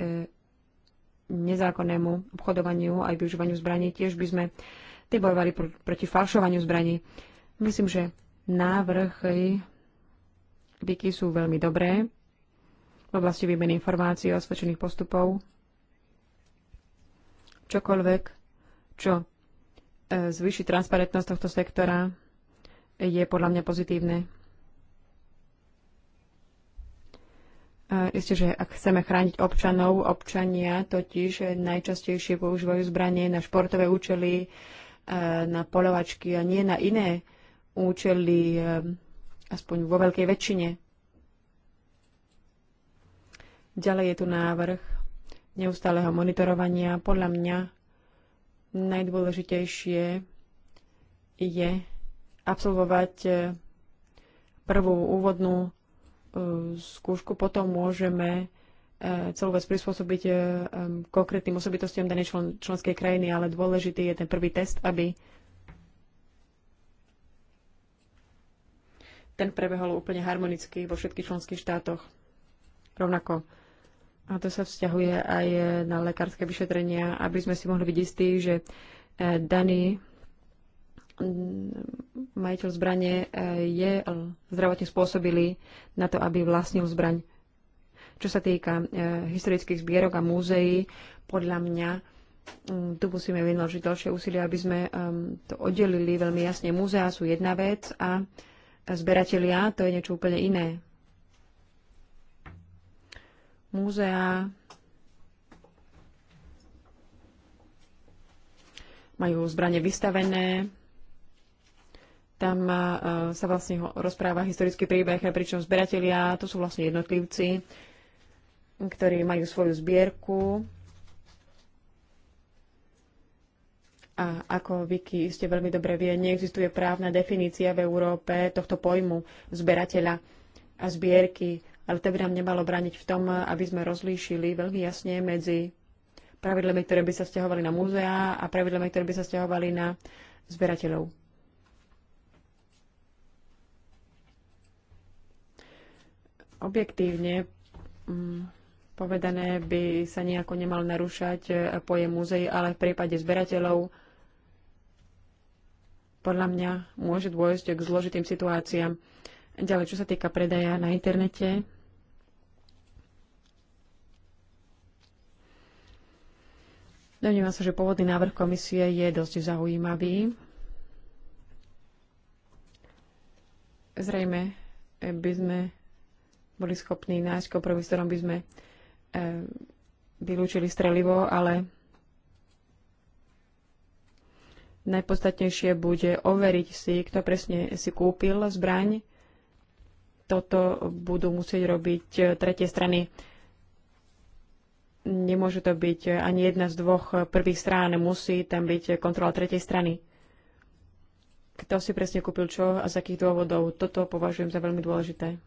nezákonnému obchodovaniu aj využívaniu zbraní. Tiež by sme tie bojovali pr- proti falšovaniu zbraní. Myslím, že návrhy Vicky sú veľmi dobré v oblasti výmeny informácií a osvedčených postupov. Čokoľvek, čo e, zvýši transparentnosť tohto sektora, je podľa mňa pozitívne. Isté, že ak chceme chrániť občanov, občania totiž najčastejšie používajú zbranie na športové účely, e, na polovačky a nie na iné účely, e, aspoň vo veľkej väčšine. Ďalej je tu návrh neustáleho monitorovania. Podľa mňa najdôležitejšie je absolvovať e, prvú úvodnú skúšku, potom môžeme e, celú vec prispôsobiť e, konkrétnym osobitostiam danej člen, členskej krajiny, ale dôležitý je ten prvý test, aby ten prebehol úplne harmonicky vo všetkých členských štátoch. Rovnako. A to sa vzťahuje aj na lekárske vyšetrenia, aby sme si mohli byť istí, že e, daný Mm, majiteľ zbrane e, je e, zdravotne spôsobili na to, aby vlastnil zbraň. Čo sa týka e, historických zbierok a múzeí, podľa mňa mm, tu musíme vynaložiť ďalšie úsilie, aby sme to oddelili veľmi jasne. Múzea sú jedna vec a zberatelia to je niečo úplne iné. Múzea majú zbranie vystavené, tam e, e, sa vlastne rozpráva historický príbeh, e, pričom zberatelia, to sú vlastne jednotlivci, ktorí majú svoju zbierku. A ako Vicky ste veľmi dobre vie, neexistuje právna definícia v Európe tohto pojmu zberateľa a zbierky, ale to by nám nemalo braniť v tom, aby sme rozlíšili veľmi jasne medzi pravidlami, ktoré by sa stiahovali na múzeá a pravidlami, ktoré by sa stiahovali na zberateľov. Objektívne mm, povedané by sa nejako nemal narúšať e, pojem múzej, ale v prípade zberateľov podľa mňa môže dôjsť k zložitým situáciám. Ďalej, čo sa týka predaja na internete, Domnívam sa, že pôvodný návrh komisie je dosť zaujímavý. Zrejme by sme boli schopní nájsť kompromis, ktorom by sme eh, vylúčili strelivo, ale najpodstatnejšie bude overiť si, kto presne si kúpil zbraň. Toto budú musieť robiť eh, tretie strany. Nemôže to byť eh, ani jedna z dvoch prvých strán, musí tam byť kontrola tretej strany. Kto si presne kúpil čo a z akých dôvodov, toto považujem za veľmi dôležité.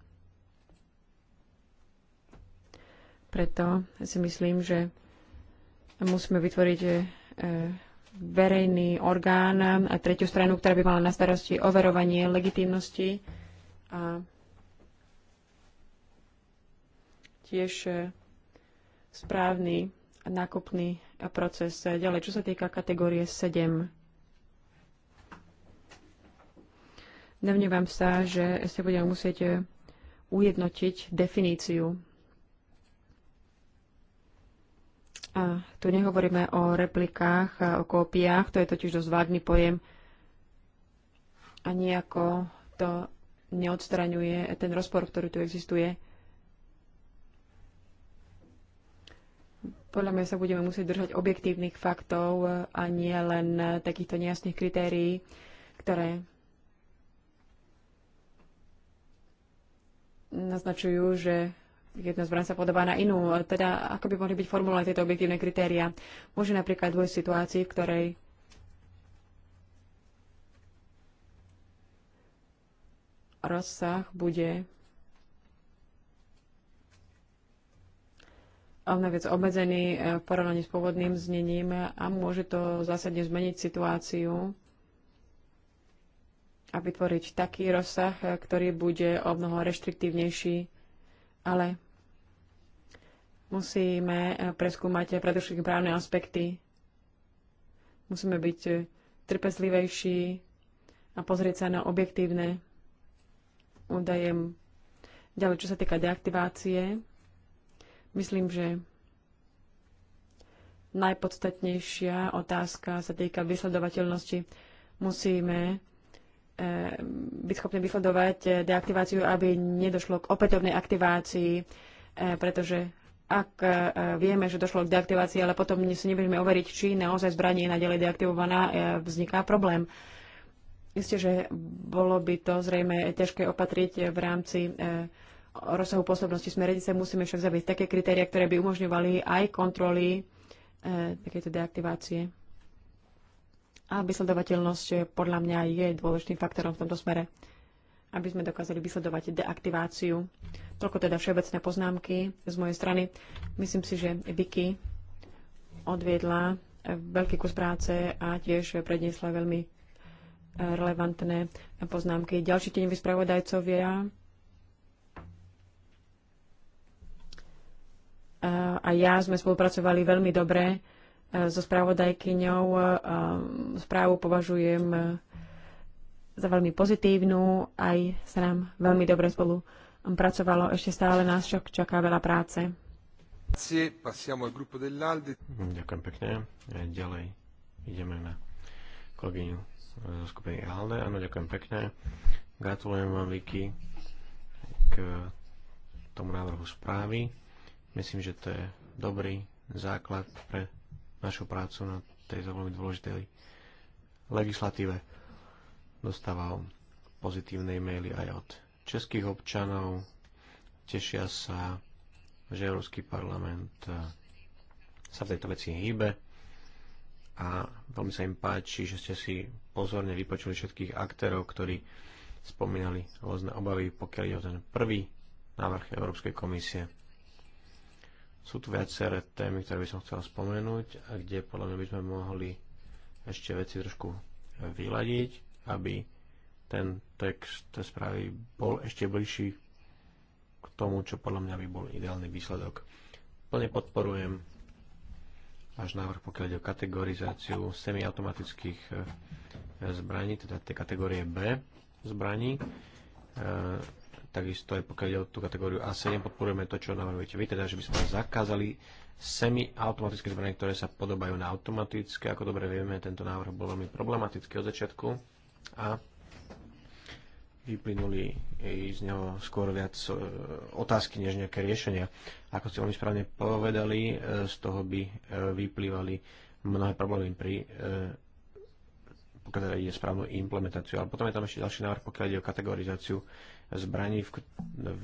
Preto si myslím, že musíme vytvoriť e, verejný orgán a tretiu stranu, ktorá by mala na starosti overovanie legitímnosti a tiež e, správny nákupný proces. Ďalej, čo sa týka kategórie 7. Domnievam sa, že ste budeme musieť e, ujednotiť definíciu A tu nehovoríme o replikách, o kópiách, to je totiž dosť vágný pojem a nejako to neodstraňuje ten rozpor, ktorý tu existuje. Podľa mňa sa budeme musieť držať objektívnych faktov a nie len takýchto nejasných kritérií, ktoré naznačujú, že jedna zbraň sa podobá na inú. Teda ako by mohli byť formulované tieto objektívne kritéria? Môže napríklad dôjsť situácii, v ktorej rozsah bude na viac obmedzený e, v porovnaní s pôvodným znením a môže to zásadne zmeniť situáciu a vytvoriť taký rozsah, e, ktorý bude o mnoho reštriktívnejší, ale Musíme eh, preskúmať eh, predovšetkým právne aspekty. Musíme byť eh, trpezlivejší a pozrieť sa na objektívne údaje. Ďalej, čo sa týka deaktivácie, myslím, že najpodstatnejšia otázka sa týka vysledovateľnosti. Musíme byť schopní vysledovať deaktiváciu, aby nedošlo k opätovnej aktivácii, pretože ak e, vieme, že došlo k deaktivácii, ale potom si nebudeme overiť, či naozaj zbranie je nadalej deaktivovaná, e, vzniká problém. Isté, že bolo by to zrejme ťažké opatriť v rámci e, rozsahu pôsobnosti smernice. Musíme však zaviesť také kritéria, ktoré by umožňovali aj kontroly takéto deaktivácie. A vysledovateľnosť podľa mňa je dôležitým faktorom v tomto smere aby sme dokázali vysledovať deaktiváciu. Toľko teda všeobecné poznámky z mojej strany. Myslím si, že Vicky odviedla veľký kus práce a tiež predniesla veľmi eh, relevantné poznámky. Ďalší teneví vyspravodajcovia eh, a ja sme spolupracovali veľmi dobre eh, so spravodajkyňou. Správu považujem za veľmi pozitívnu, aj sa nám veľmi dobre spolu pracovalo. Ešte stále nás však čaká veľa práce.
Ďakujem pekne. E, ďalej ideme na kolegyňu zo skupiny ALDE. Áno, ďakujem pekne. Gratulujem vám, Vicky, k tomu návrhu správy. Myslím, že to je dobrý základ pre našu prácu na tej veľmi dôležitej legislatíve dostával pozitívne e-maily aj od českých občanov. Tešia sa, že Európsky parlament e, sa v tejto veci hýbe a veľmi sa im páči, že ste si pozorne vypočuli všetkých aktérov, ktorí spomínali rôzne obavy, pokiaľ je o ten prvý návrh Európskej komisie. Sú tu viaceré témy, ktoré by som chcel spomenúť a kde podľa mňa by sme mohli ešte veci trošku vyladiť aby ten text tej správy bol ešte bližší k tomu, čo podľa mňa by bol ideálny výsledok. Plne podporujem váš návrh, pokiaľ ide o kategorizáciu semiautomatických eh, zbraní, teda tej kategórie B zbraní. E, takisto aj pokiaľ ide o tú kategóriu A7, podporujeme to, čo navrhujete vy, teda, že by sme zakázali semiautomatické zbranie, ktoré sa podobajú na automatické. Ako dobre vieme, tento návrh bol veľmi problematický od začiatku a vyplynuli z neho skôr viac e, otázky, než nejaké riešenia. Ako ste veľmi správne povedali, e, z toho by e, vyplývali mnohé problémy pri pokiaľ teda ide správnu implementáciu. Ale potom je tam ešte ďalší návrh, pokiaľ ide o kategorizáciu zbraní v, v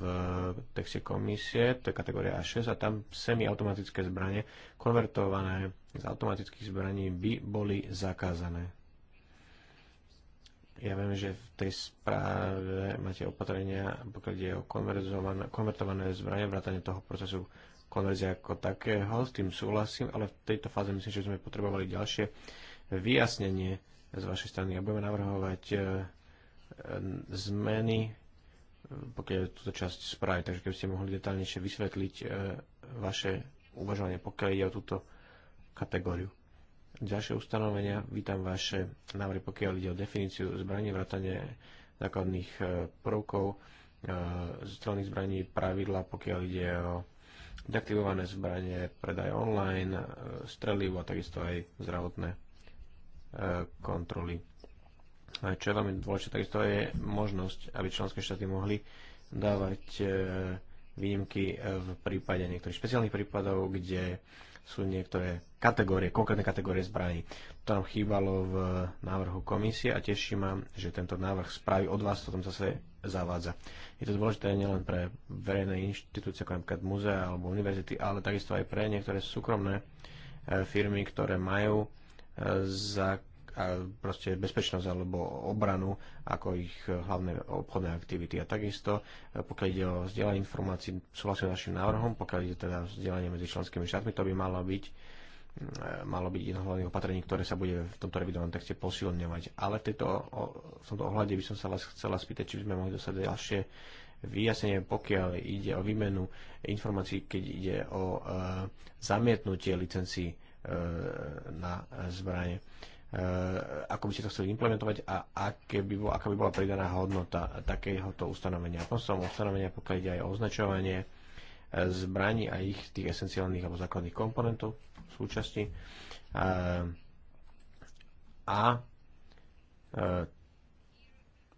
texte komisie, to je kategória A6 a tam semiautomatické zbranie konvertované z automatických zbraní by boli zakázané. Ja viem, že v tej správe máte opatrenia, pokiaľ ide o konvertované zbranie, vrátanie toho procesu konverzia ako takého, s tým súhlasím, ale v tejto fáze myslím, že sme potrebovali ďalšie vyjasnenie z vašej strany a budeme navrhovať e, e, zmeny, pokiaľ je túto časť správy, takže keby ste mohli detálnejšie vysvetliť e, vaše uvažovanie, pokiaľ ide o túto kategóriu ďalšie ustanovenia. Vítam vaše návrhy, pokiaľ ide o definíciu zbraní, vrátanie základných e, prvkov e, strelných zbraní, pravidla, pokiaľ ide o deaktivované zbranie, predaj online, e, strelivo a takisto aj zdravotné kontroly. A čo je veľmi dôležité, takisto je možnosť, aby členské štáty mohli dávať výnimky v prípade niektorých špeciálnych prípadov, kde sú niektoré kategórie, konkrétne kategórie zbraní. To nám chýbalo v návrhu komisie a teší ma, že tento návrh spraví od vás to tam zase zavádza. Je to dôležité nielen pre verejné inštitúcie, ako napríklad múzea alebo univerzity, ale takisto aj pre niektoré súkromné e, firmy, ktoré majú e, za proste bezpečnosť alebo obranu ako ich hlavné obchodné aktivity. A takisto, e, pokiaľ ide o vzdielanie informácií, súhlasím s našim návrhom, pokiaľ ide teda vzdielanie medzi členskými štátmi, to by malo byť mm, e, malo byť jedno hlavných opatrení, ktoré sa bude v tomto revidovanom texte posilňovať. Ale v, tejto, v tomto ohľade by som sa vás chcela spýtať, či by sme mohli dostať ďalšie vyjasnenie, pokiaľ ide o výmenu informácií, keď ide o e, zamietnutie licencií e, na zbranie. E, Eh, ako by ste to chceli implementovať a aké by bol, aká by bola pridaná hodnota takéhoto ustanovenia. Potom som ustanovenia, pokiaľ ide aj o označovanie eh, zbraní a ich tých esenciálnych alebo základných komponentov súčasti. Eh, a, a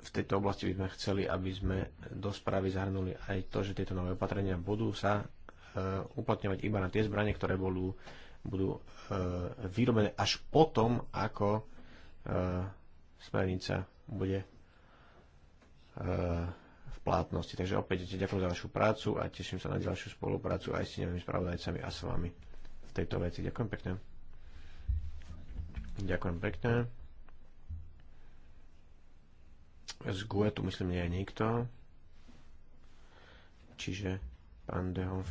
v tejto oblasti by sme chceli, aby sme do správy zahrnuli aj to, že tieto nové opatrenia budú sa uplatňovať iba na tie zbranie, ktoré budú budú e, vyrobené až potom, ako e, smernica bude e, v plátnosti. Takže opäť ďakujem za vašu prácu a teším sa na ďalšiu spoluprácu aj s inými spravodajcami a s vami v tejto veci. Ďakujem pekne. Ďakujem pekne. Z GUE tu myslím nie je nikto. Čiže pán Dehov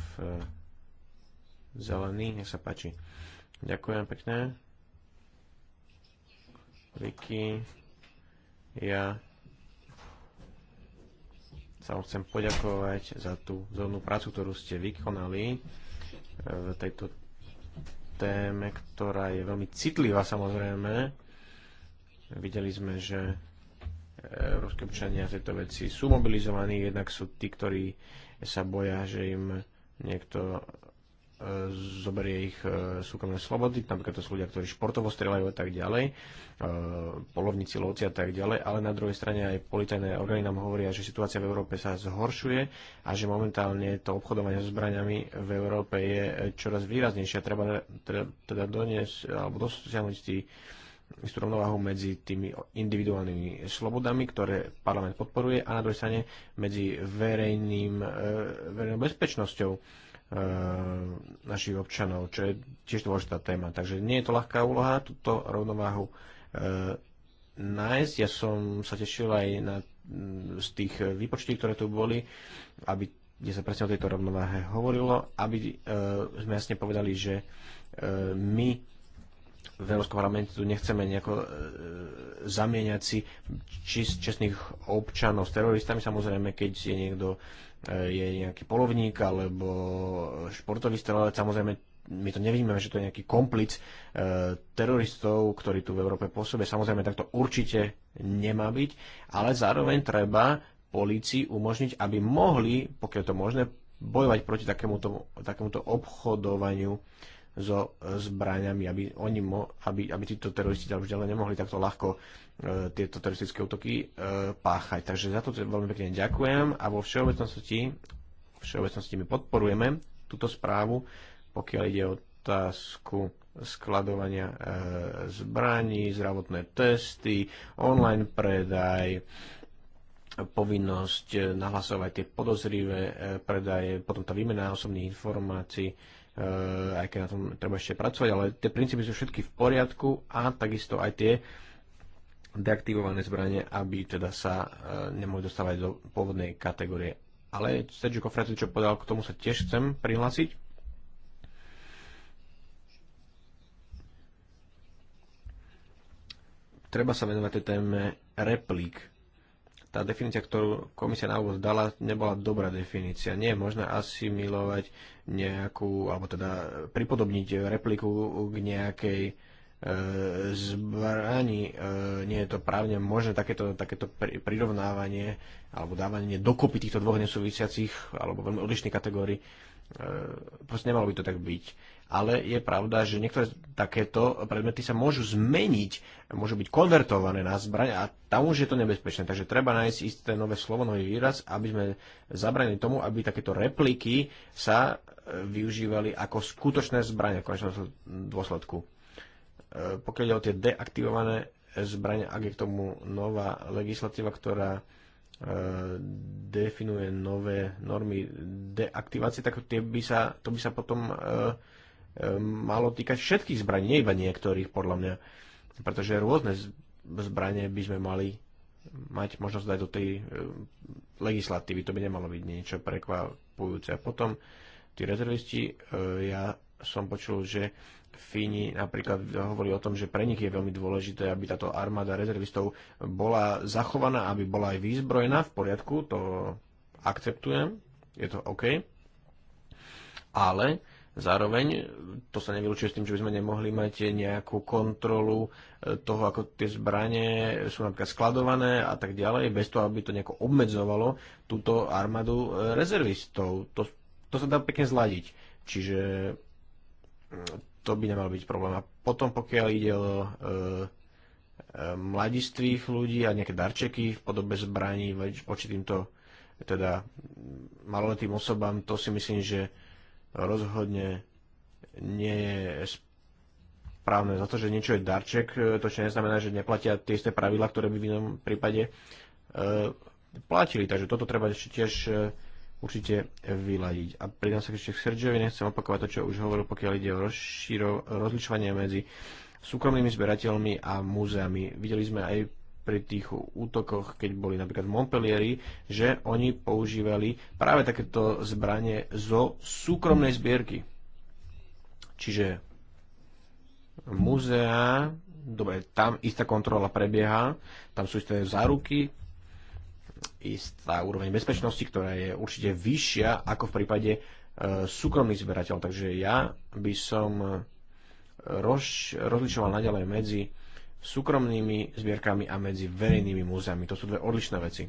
zelený, nech sa páči. Ďakujem pekne. Vicky, ja sa vám chcem poďakovať za tú zónu prácu, ktorú ste vykonali eh, v tejto téme, ktorá je veľmi citlivá samozrejme. Videli sme, že eh, európske občania tieto tejto veci sú mobilizovaní, jednak sú tí, ktorí sa boja, že im niekto zoberie ich e, súkromné slobody, napríklad to sú ľudia, ktorí športovo strelajú a tak ďalej, e, polovníci, lovci a tak ďalej, ale na druhej strane aj policajné orgány nám hovoria, že situácia v Európe sa zhoršuje a že momentálne to obchodovanie so zbraniami v Európe je e, čoraz výraznejšie. Treba teda, teda doniesť alebo dosiahnuť tý, istú rovnováhu medzi tými individuálnymi slobodami, ktoré parlament podporuje a na druhej strane medzi verejným, verejnou bezpečnosťou E, našich občanov, čo je tiež dôležitá téma. Takže nie je to ľahká úloha túto rovnováhu e, nájsť. Ja som sa tešil aj na, z tých výpočtí, ktoré tu boli, aby, kde sa presne o tejto rovnováhe hovorilo, aby e, sme jasne povedali, že e, my v Európskom parlamente tu nechceme nejako e, zamieňať si čist, čestných občanov s teroristami. Samozrejme, keď je niekto E, je nejaký polovník alebo športový strelec. Samozrejme, my to nevidíme, že to je nejaký komplic e, teroristov, ktorí tu v Európe pôsobia. Samozrejme, takto určite nemá byť, ale zároveň treba polícii umožniť, aby mohli, pokiaľ to možné, bojovať proti takémuto, takémuto obchodovaniu so zbraňami, aby, oni mo, aby, aby títo teroristi tam už ďalej nemohli takto ľahko E, tieto teroristické útoky e, páchať. Takže za to veľmi pekne ďakujem a vo všeobecnosti, všeobecnosti my podporujeme túto správu, pokiaľ ide o otázku skladovania e, zbraní, zdravotné testy, online predaj, povinnosť nahlasovať tie podozrivé predaje, potom tá výmena osobných informácií, aj keď na tom treba ešte pracovať, ale tie princípy sú všetky v poriadku a takisto aj tie deaktivované zbranie, aby teda sa e, nemohli dostávať do pôvodnej kategórie. Ale Sergio Kofrati, čo povedal, k tomu sa tiež chcem prihlásiť. Treba sa venovať tej téme replík. Tá definícia, ktorú komisia na úvod dala, nebola dobrá definícia. Nie je možné asimilovať nejakú, alebo teda pripodobniť repliku k nejakej zbraní. E, nie je to právne možné takéto, takéto prirovnávanie alebo dávanie dokopy týchto dvoch nesúvisiacich alebo veľmi odlišných kategórií. E, proste nemalo by to tak byť. Ale je pravda, že niektoré takéto predmety sa môžu zmeniť, môžu byť konvertované na zbraň a tam už je to nebezpečné. Takže treba nájsť isté nové slovo, nový výraz, aby sme zabranili tomu, aby takéto repliky sa e, využívali ako skutočné zbranie v konečnom dôsledku. E, pokiaľ ide o tie deaktivované zbrania, ak je k tomu nová legislatíva, ktorá e, definuje nové normy deaktivácie, tak tie by sa, to by sa potom e, malo týkať všetkých zbraní, nie iba niektorých, podľa mňa. Pretože rôzne zbranie by sme mali mať možnosť dať do tej legislatívy. To by nemalo byť niečo prekvapujúce. A potom tí rezervisti, ja som počul, že Fíni napríklad hovorí o tom, že pre nich je veľmi dôležité, aby táto armáda rezervistov bola zachovaná, aby bola aj výzbrojená v poriadku, to akceptujem, je to OK. Ale zároveň, to sa nevylučuje s tým, že by sme nemohli mať nejakú kontrolu e, toho, ako tie zbranie sú napríklad skladované a tak ďalej, bez toho, aby to nejako obmedzovalo túto armádu e, rezervistov. To, to sa dá pekne zladiť. Čiže to by nemal byť problém. A potom, pokiaľ ide o e, e mladistvých ľudí a nejaké darčeky v podobe zbraní voči týmto teda maloletým osobám, to si myslím, že rozhodne nie je správne. Za to, že niečo je darček, e, to čo neznamená, že neplatia tie isté pravidla, ktoré by v inom prípade e, platili. Takže toto treba ešte tiež e, určite vyladiť. A pridám sa ešte k Sergiovi, nechcem opakovať to, čo už hovoril, pokiaľ ide o rozširo, rozlišovanie medzi súkromnými zberateľmi a múzeami. Videli sme aj pri tých útokoch, keď boli napríklad v Montpellieri, že oni používali práve takéto zbranie zo súkromnej zbierky. Čiže múzea, dobre, tam istá kontrola prebieha, tam sú isté záruky, istá úroveň bezpečnosti, ktorá je určite vyššia ako v prípade e, súkromných zberateľov. Takže ja by som e, roz, rozlišoval naďalej medzi súkromnými zbierkami a medzi verejnými múzeami. To sú dve odlišné veci.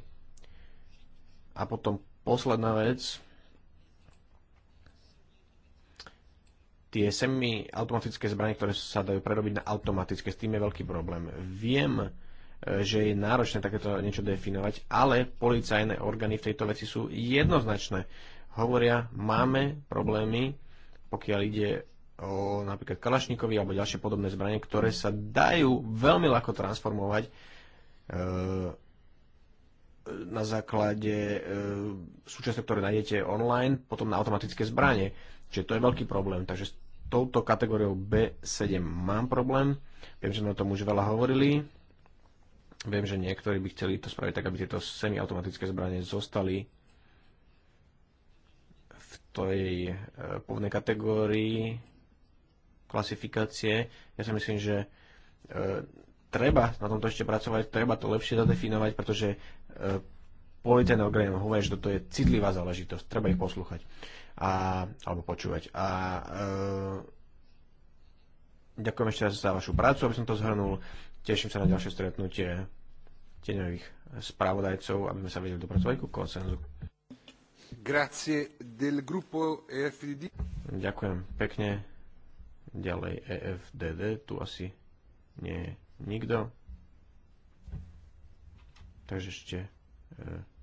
A potom posledná vec. Tie semi-automatické zbranie, ktoré sa dajú prerobiť na automatické, s tým je veľký problém. Viem, E, že je náročné takéto niečo definovať, ale policajné orgány v tejto veci sú jednoznačné. Hovoria, máme problémy, pokiaľ ide o napríklad Kalašníkovi alebo ďalšie podobné zbranie, ktoré sa dajú veľmi ľahko transformovať e, na základe e, súčasne, ktoré nájdete online, potom na automatické zbranie. Čiže to je veľký problém. Takže s touto kategóriou B7 mám problém. Viem, že sme o tom už veľa hovorili Viem, že niektorí by chceli to spraviť tak, aby tieto semiautomatické zbranie zostali v tej e, pôvodnej kategórii klasifikácie. Ja si myslím, že e, treba na tomto ešte pracovať, treba to lepšie zadefinovať, pretože e, policajné orgány nám hovoria, že toto je citlivá záležitosť, treba ich poslúchať a, alebo počúvať. A e, ďakujem ešte raz za vašu prácu, aby som to zhrnul. Teším sa na ďalšie stretnutie tieňových spravodajcov, aby sme sa vedeli dopracovať ku konsenzu.
Grazie del gruppo EFDD.
Ďakujem pekne. Ďalej EFDD, tu asi nie je nikto. Takže ešte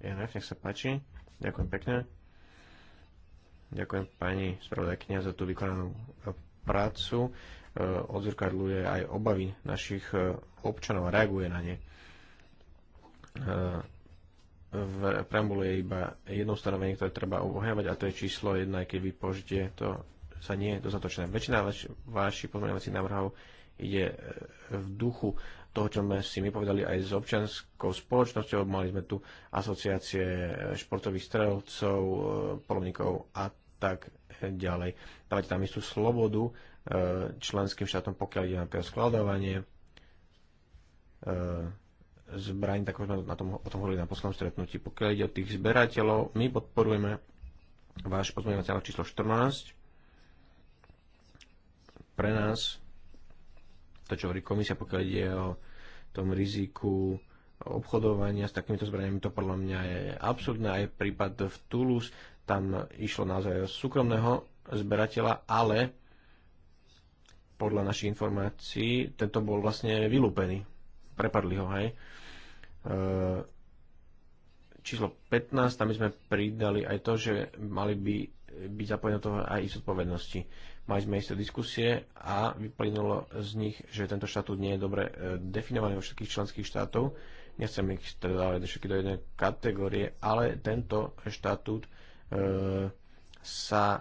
ENF, e nech sa páči. Ďakujem pekne. Ďakujem pani spravodajkňa za tú vykonanú e, prácu. Eh, odzrkadľuje aj obavy našich eh, občanov a reaguje na ne. Eh, v preambule je iba jedno stanovenie, ktoré treba obohávať a to je číslo 1, keď vy použite, to sa nie je dostatočné. Väčšina vaš, vašich pozmeňovacích návrhov ide v duchu toho, čo sme si my povedali aj s občianskou spoločnosťou. Mali sme tu asociácie športových strelcov, polovníkov a tak ďalej. Dávate tam istú slobodu E, členským štátom, pokiaľ ide napríklad skladávanie e, zbraní, tak sme na tom, o tom hovorili na poslednom stretnutí. Pokiaľ ide o tých zberateľov, my podporujeme váš pozmeňovací návrh číslo 14. Pre nás, to čo hovorí komisia, pokiaľ ide o tom riziku obchodovania s takýmito zbraniami, to podľa mňa je absurdné. Aj prípad v Toulouse, tam išlo naozaj o súkromného zberateľa, ale podľa našich informácií tento bol vlastne vylúpený. Prepadli ho, hej. E, číslo 15, tam sme pridali aj to, že mali by byť zapojené do toho aj ich zodpovednosti. Mali sme isté diskusie a vyplynulo z nich, že tento štatút nie je dobre e, definovaný vo všetkých členských štátov. Nechcem ich teda dávať všetky do jednej kategórie, ale tento štatút e, sa e,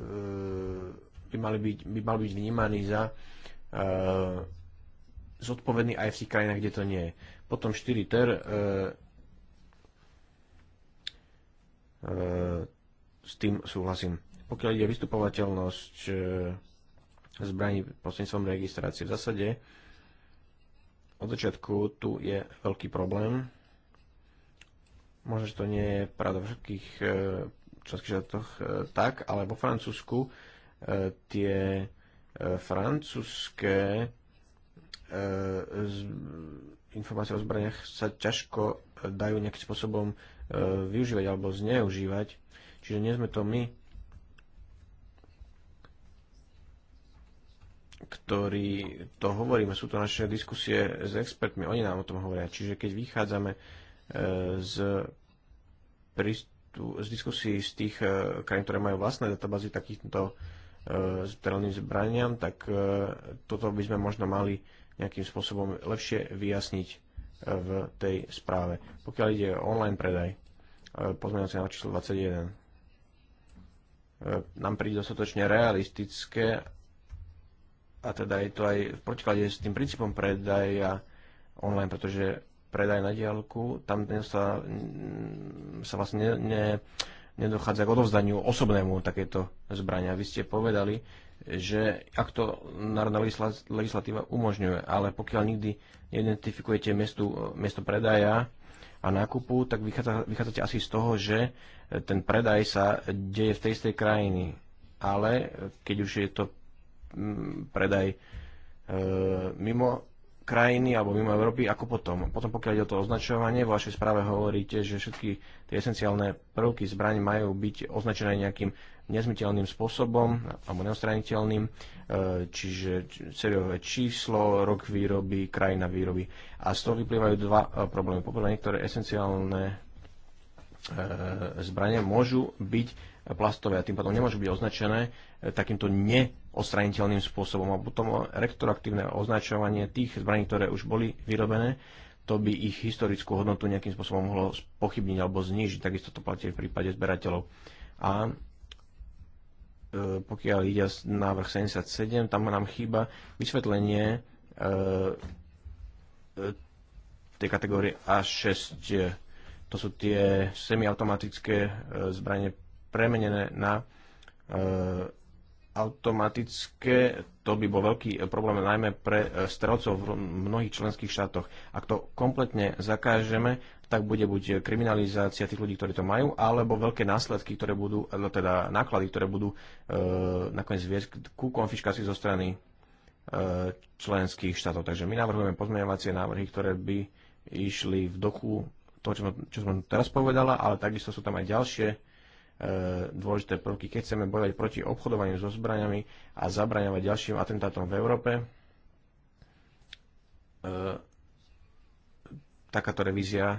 e by, mali byť, by mal byť vnímaný za e, zodpovedný aj v tých krajinách, kde to nie je. Potom 4 ter e, e, s tým súhlasím. Pokiaľ ide vystupovateľnosť e, zbraní prostredníctvom registrácie, v zásade od začiatku tu je veľký problém. Možno, že to nie je pravda v všetkých e, členských štátoch e, tak, ale vo Francúzsku tie e, francúzské e, informácie o zbraniach sa ťažko dajú nejakým spôsobom e, využívať alebo zneužívať. Čiže nie sme to my, ktorí to hovoríme, sú to naše diskusie s expertmi, oni nám o tom hovoria. Čiže keď vychádzame z, prístu, z diskusí z tých krajín, ktoré majú vlastné databázy takýchto E, strelným zbraniam, tak e, toto by sme možno mali nejakým spôsobom lepšie vyjasniť e, v tej správe. Pokiaľ ide o online predaj, pozmeňovací na číslo 21, nám príde dostatočne realistické a teda je to aj v protiklade s tým princípom predaja online, pretože predaj na diálku, tam sa, sa vlastne ne, ne, nedochádza k odovzdaniu osobnému takéto zbrania. Vy ste povedali, že ak to národná legislatíva umožňuje, ale pokiaľ nikdy neidentifikujete miesto, miesto predaja a nákupu, tak vychádza, vychádzate asi z toho, že ten predaj sa deje v tej istej krajiny. Ale keď už je to mm, predaj e, mimo krajiny alebo mimo Európy, ako potom. Potom pokiaľ ide o to označovanie, vo vašej správe hovoríte, že všetky tie esenciálne prvky zbraň majú byť označené nejakým nezmiteľným spôsobom alebo neostraniteľným, e, čiže seriové číslo, rok výroby, krajina výroby. A z toho vyplývajú dva e, problémy. Poprvé, niektoré esenciálne e, zbranie môžu byť plastové a tým pádom nemôžu byť označené e, takýmto neostraniteľným spôsobom. A potom retroaktívne označovanie tých zbraní, ktoré už boli vyrobené, to by ich historickú hodnotu nejakým spôsobom mohlo pochybniť alebo znížiť. Takisto to platí v prípade zberateľov. A e, pokiaľ ide návrh 77, tam nám chýba vysvetlenie e, tej kategórie A6. To sú tie semiautomatické zbranie premenené na e, automatické, to by bol veľký e, problém najmä pre e, strelcov v mnohých členských štátoch. Ak to kompletne zakážeme, tak bude buď kriminalizácia tých ľudí, ktorí to majú, alebo veľké následky, ktoré budú, e, teda náklady, ktoré budú e, nakoniec viesť ku konfiškácii zo strany e, členských štátov. Takže my navrhujeme pozmeňovacie návrhy, ktoré by išli v dochu toho, čo, čo som teraz povedala, ale takisto sú tam aj ďalšie E, dôležité prvky, keď chceme bojovať proti obchodovaniu so zbraniami a zabraňovať ďalším atentátom v Európe. E, takáto revízia e,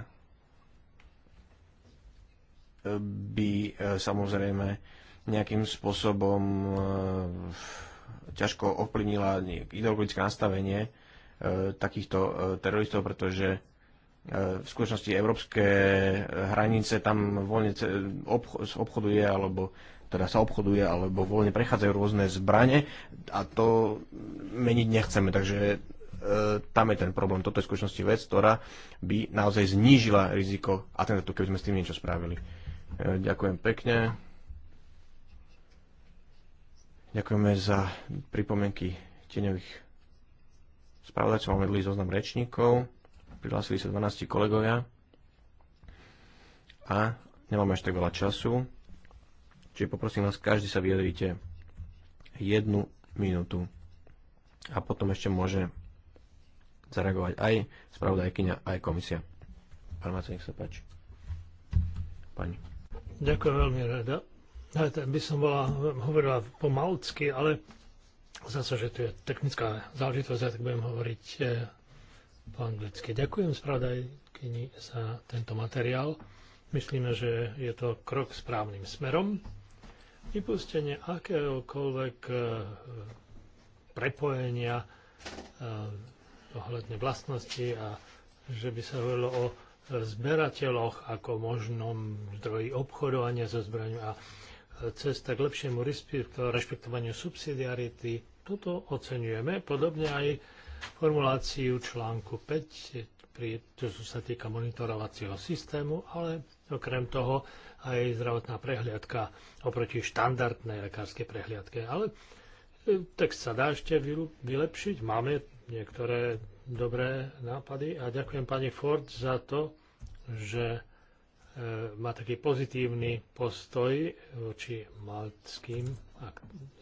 by samozrejme nejakým spôsobom ťažko ovplyvnila ideologické nastavenie takýchto teroristov, pretože E, v skutočnosti európske e, hranice, tam voľne obchoduje alebo teda sa obchoduje alebo voľne prechádzajú rôzne zbranie a to meniť nechceme. Takže e, tam je ten problém. Toto je v skutočnosti vec, ktorá by naozaj znížila riziko atentátu, keby sme s tým niečo spravili. E, ďakujem pekne. Ďakujeme za pripomienky tieňových spravodajcov. Máme dlhý zoznam rečníkov prihlásili sa 12 kolegovia a nemáme až tak veľa času, čiže poprosím vás, každý sa vyjadrite jednu minútu a potom ešte môže zareagovať aj spravodajkyňa, aj komisia. Pán Mace, nech sa páči. Pani.
Ďakujem veľmi rada. By som bola, hovorila pomalcky, ale zase, že to je technická záležitosť, ja tak budem hovoriť eh, po anglicky. Ďakujem spravodajkyni za tento materiál. Myslíme, že je to krok správnym smerom. Vypustenie akéhokoľvek eh, prepojenia eh, ohľadne vlastnosti a že by sa hovorilo o zberateľoch ako možnom zdroji obchodovania so zbraňou a eh, cesta k lepšiemu rešpektovaniu subsidiarity. Toto oceňujeme, podobne aj formuláciu článku 5, pri, to sa týka monitorovacieho systému, ale okrem toho aj zdravotná prehliadka oproti štandardnej lekárskej prehliadke. Ale e, text sa dá ešte vylepšiť. Máme niektoré dobré nápady a ďakujem pani Ford za to, že e, má taký pozitívny postoj voči maltským a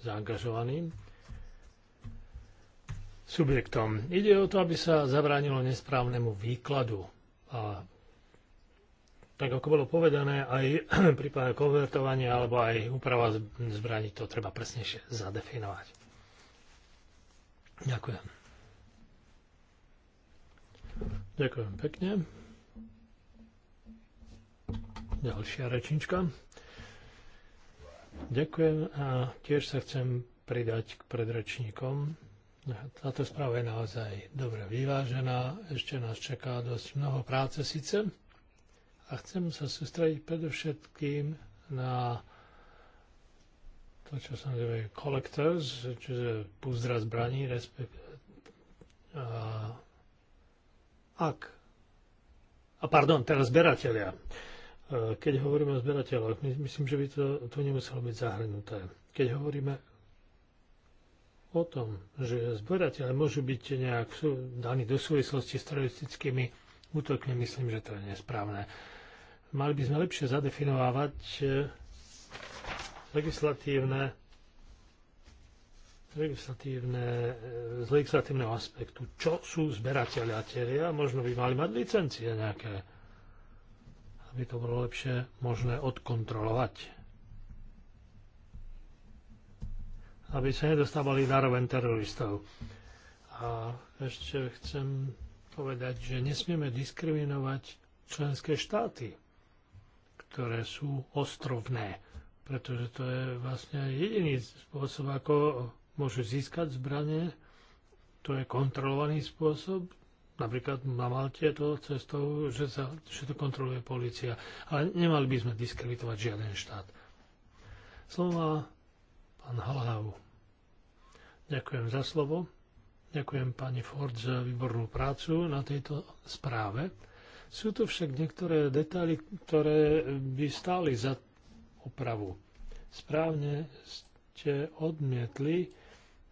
zaangažovaným subjektom. Ide o to, aby sa zabránilo nesprávnemu výkladu. A tak ako bolo povedané, aj v prípade konvertovania alebo aj úprava zbraní to treba presnejšie zadefinovať. Ďakujem. Ďakujem pekne. Ďalšia rečnička. Ďakujem a tiež sa chcem pridať k predrečníkom táto správa je naozaj dobre vyvážená, ešte nás čaká dosť mnoho práce síce a chcem sa sústrediť predovšetkým na to, čo sa nazýva collectors, čiže púzdra zbraní, respekt. A, ak, a pardon, teraz zberatelia. E, keď hovoríme o zberateľoch, myslím, že by to tu nemuselo byť zahrnuté. Keď hovoríme o tom, že zberateľe môžu byť nejak daní do súvislosti s teroristickými útokmi, myslím, že to je nesprávne. Mali by sme lepšie zadefinovávať e, legislatívne legislatívne, e, z legislatívneho aspektu, čo sú teria, možno by mali mať licencie nejaké, aby to bolo lepšie možné odkontrolovať. aby sa nedostávali na roven teroristov. A ešte chcem povedať, že nesmieme diskriminovať členské štáty, ktoré sú ostrovné, pretože to je vlastne jediný spôsob, ako môžu získať zbranie. To je kontrolovaný spôsob, Napríklad na Malte to cestou, že, sa, že to kontroluje policia. Ale nemali by sme diskreditovať žiaden štát. Slova pán Halhau. Ďakujem za slovo. Ďakujem pani Ford za výbornú prácu na tejto správe. Sú tu však niektoré detaily, ktoré by stáli za opravu. Správne ste odmietli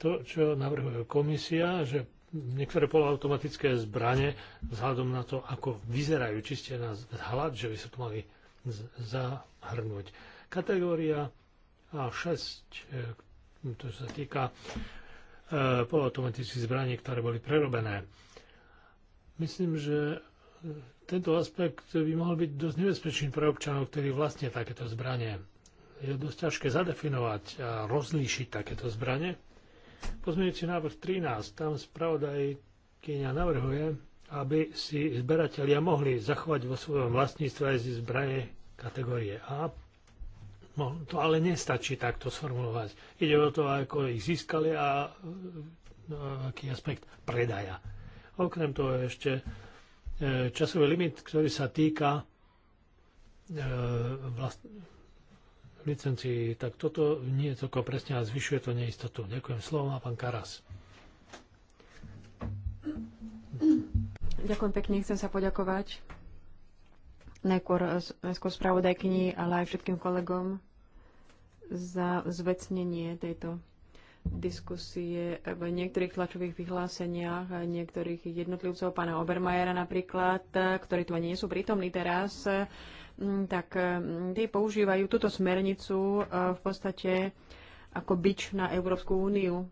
to, čo navrhuje komisia, že niektoré poloautomatické zbranie vzhľadom na to, ako vyzerajú, či ste na hľad, že by sa to mali zahrnúť. Kategória a 6, e, to sa týka e, polautomatických zbraní, ktoré boli prerobené. Myslím, že tento aspekt by mohol byť dosť nebezpečný pre občanov, ktorí vlastne takéto zbranie. Je dosť ťažké zadefinovať a rozlíšiť takéto zbranie. Pozmeňujúci návrh 13, tam spravodajkyňa navrhuje, aby si zberatelia mohli zachovať vo svojom vlastníctve aj zbranie kategórie A No, to ale nestačí takto sformulovať. Ide o to, ako ich získali a e, e, aký aspekt predaja. Okrem toho ešte e, časový limit, ktorý sa týka vlast... licencií, tak toto nie je celkom presne a zvyšuje to neistotu. Ďakujem slovo a pán Karas.
Ďakujem pekne, chcem sa poďakovať Eh, najskôr, spravodajkyni, ale aj všetkým kolegom za zvecnenie tejto diskusie v niektorých tlačových vyhláseniach eh, niektorých jednotlivcov, pána Obermajera napríklad, eh, ktorí tu ani nie sú prítomní teraz, mm, tak mm, tí používajú túto smernicu v podstate ako bič na Európsku úniu.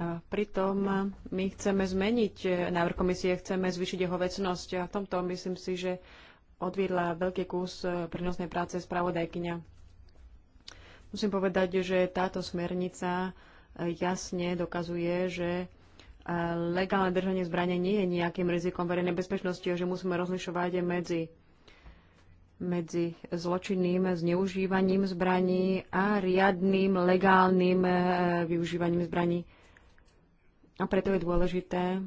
A pritom my chceme zmeniť návrh komisie, chceme zvýšiť jeho vecnosť a v tomto myslím si, že odviedla veľký kus eh, prínosnej práce spravodajkyňa. Musím povedať, že táto smernica eh, jasne dokazuje, že eh, legálne držanie zbrania nie je nejakým rizikom verejnej bezpečnosti a že musíme rozlišovať medzi medzi zločinným zneužívaním zbraní a riadným legálnym využívaním zbraní. A preto je dôležité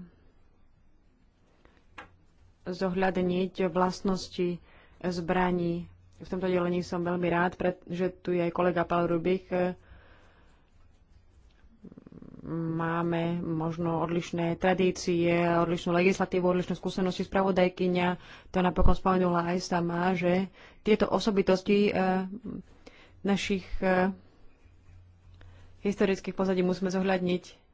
zohľadniť vlastnosti zbraní. V tomto delení som veľmi rád, že tu je aj kolega Pal Rubich. Máme možno odlišné tradície, odlišnú legislatívu, odlišné skúsenosti. Spravodajkyňa to napokon spomenula aj sama, že tieto osobitosti eh, našich eh, historických pozadí musíme zohľadniť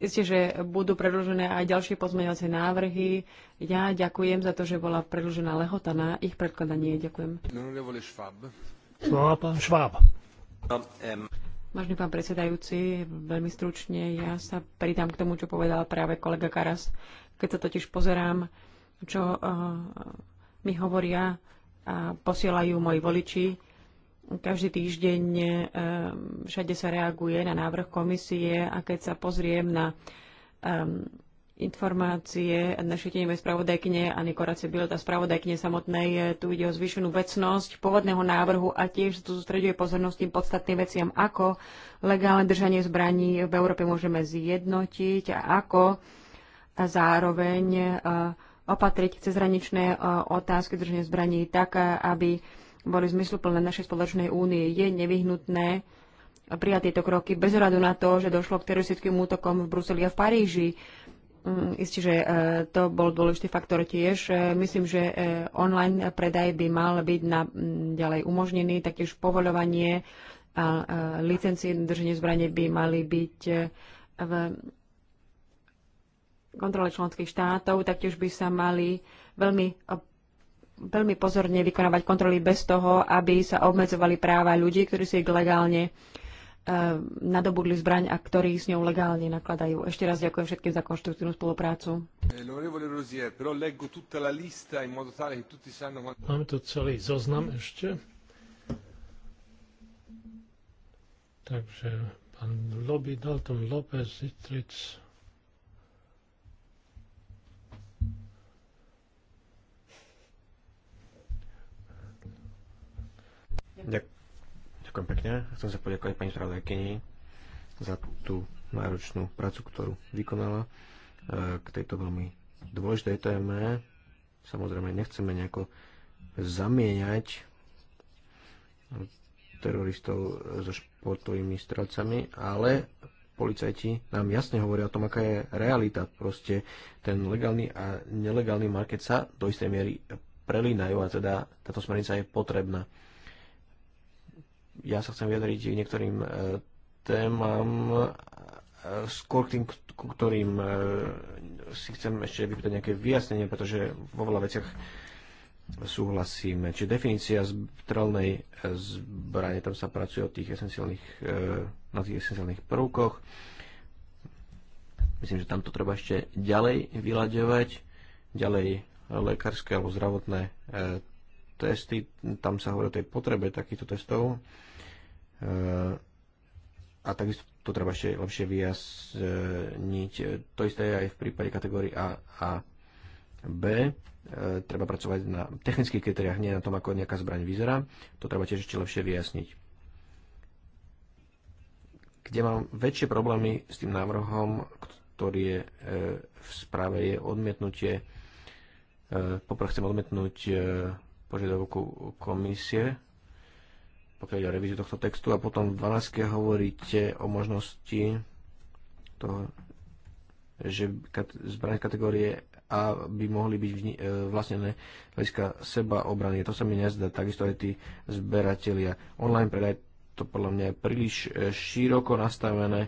Isté, že budú predložené aj ďalšie pozmeňovacie návrhy. Ja ďakujem za to, že bola predložená lehota na ich predkladanie. Ďakujem.
Slova pán Šváb.
Vážený pán predsedajúci, veľmi stručne ja sa pridám k tomu, čo povedal práve kolega Karas. Keď sa totiž pozerám, čo uh, mi hovoria a posielajú moji voliči, každý týždeň e, všade sa reaguje na návrh komisie a keď sa pozriem na ehm, informácie našej tenevej spravodajkyne Anny Korace Bild a spravodajkyne samotnej, e, tu ide o zvýšenú vecnosť pôvodného návrhu a tiež tu zostreduje pozornosť tým podstatným veciam, ako legálne držanie zbraní v Európe môžeme zjednotiť a ako a zároveň e, opatriť cezhraničné otázky držania zbraní tak, aby boli zmysluplné našej spoločnej únie. Je nevyhnutné prijať tieto kroky bez radu na to, že došlo k teroristickým útokom v Bruseli a v Paríži. Mm, isté, že e, to bol dôležitý faktor tiež. E, myslím, že e, online predaj by mal byť na, ďalej umožnený, taktiež povoľovanie a licencie na drženie zbranie by mali byť v kontrole členských štátov, taktiež by sa mali veľmi veľmi pozorne vykonávať kontroly bez toho, aby sa obmedzovali práva ľudí, ktorí si legálne eh, nadobudli zbraň a ktorí s ňou legálne nakladajú. Ešte raz ďakujem všetkým za konštruktívnu spoluprácu.
Eh, Máme tu celý zoznam ešte. Takže pán Lobby, Dalton López, Zitric,
Ďakujem pekne. Chcem sa poďakovať pani spravodajkyni za tú náročnú prácu, ktorú vykonala e, k tejto veľmi dôležitej téme. Samozrejme, nechceme nejako zamieňať teroristov so športovými strelcami, ale policajti nám jasne hovoria o tom, aká je realita. Proste ten legálny a nelegálny market sa do istej miery prelínajú a teda táto smernica je potrebná. Ja sa chcem vyjadriť k niektorým e, témam, e, skôr k tým, ku ktorým e, si chcem ešte vypýtať nejaké vyjasnenie, pretože vo veľa veciach súhlasíme. Čiže definícia strelnej zbrane, tam sa pracuje od tých esenciálnych, na tých esenciálnych prvkoch. Myslím, že tam to treba ešte ďalej vyľadevať, ďalej lekárske alebo zdravotné testy, tam sa hovorí o tej potrebe takýchto testov Eh, a takisto to treba ešte lepšie vyjasniť. To isté je aj v prípade kategórií A a B. Eh, treba pracovať na technických kritériách, nie na tom, ako nejaká zbraň vyzerá. To treba tiež ešte lepšie vyjasniť. Kde mám väčšie problémy s tým návrhom, ktorý je eh, v správe, je odmietnutie. Poprvé chcem odmietnúť požiadavku komisie, pokiaľ ide o revíziu tohto textu a potom v 12. hovoríte o možnosti toho, že zbraň kategórie A by mohli byť e, vlastnené hľadiska seba obrany. To sa mi nezdá, takisto aj tí zberatelia. Online predaj to podľa mňa je príliš e, široko nastavené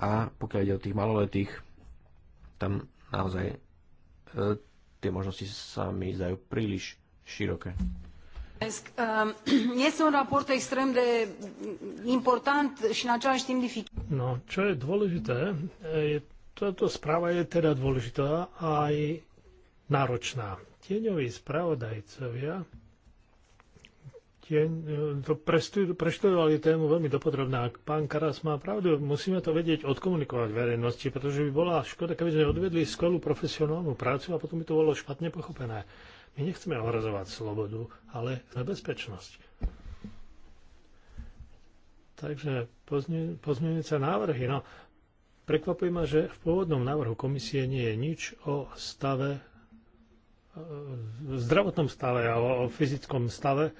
a pokiaľ ide o tých maloletých, tam naozaj e, tie možnosti sa mi zdajú príliš široké.
Ehm, este un raport extrem de important și în același timp dificil.
No, čo je dôležité, eh, je, toto správa je teda dôležitá a aj náročná. Tieňoví spravodajcovia tieň, eh, to preštudovali tému veľmi dopodrobná. Ak pán Karas má pravdu, musíme to vedieť odkomunikovať verejnosti, pretože by bola škoda, keby sme odvedli skvelú profesionálnu prácu a potom by to bolo špatne pochopené. My nechceme ohrozovať slobodu, ale na bezpečnosť. Takže pozmeňujúce návrhy. No, prekvapuje ma, že v pôvodnom návrhu komisie nie je nič o stave, e, v zdravotnom stave a o fyzickom stave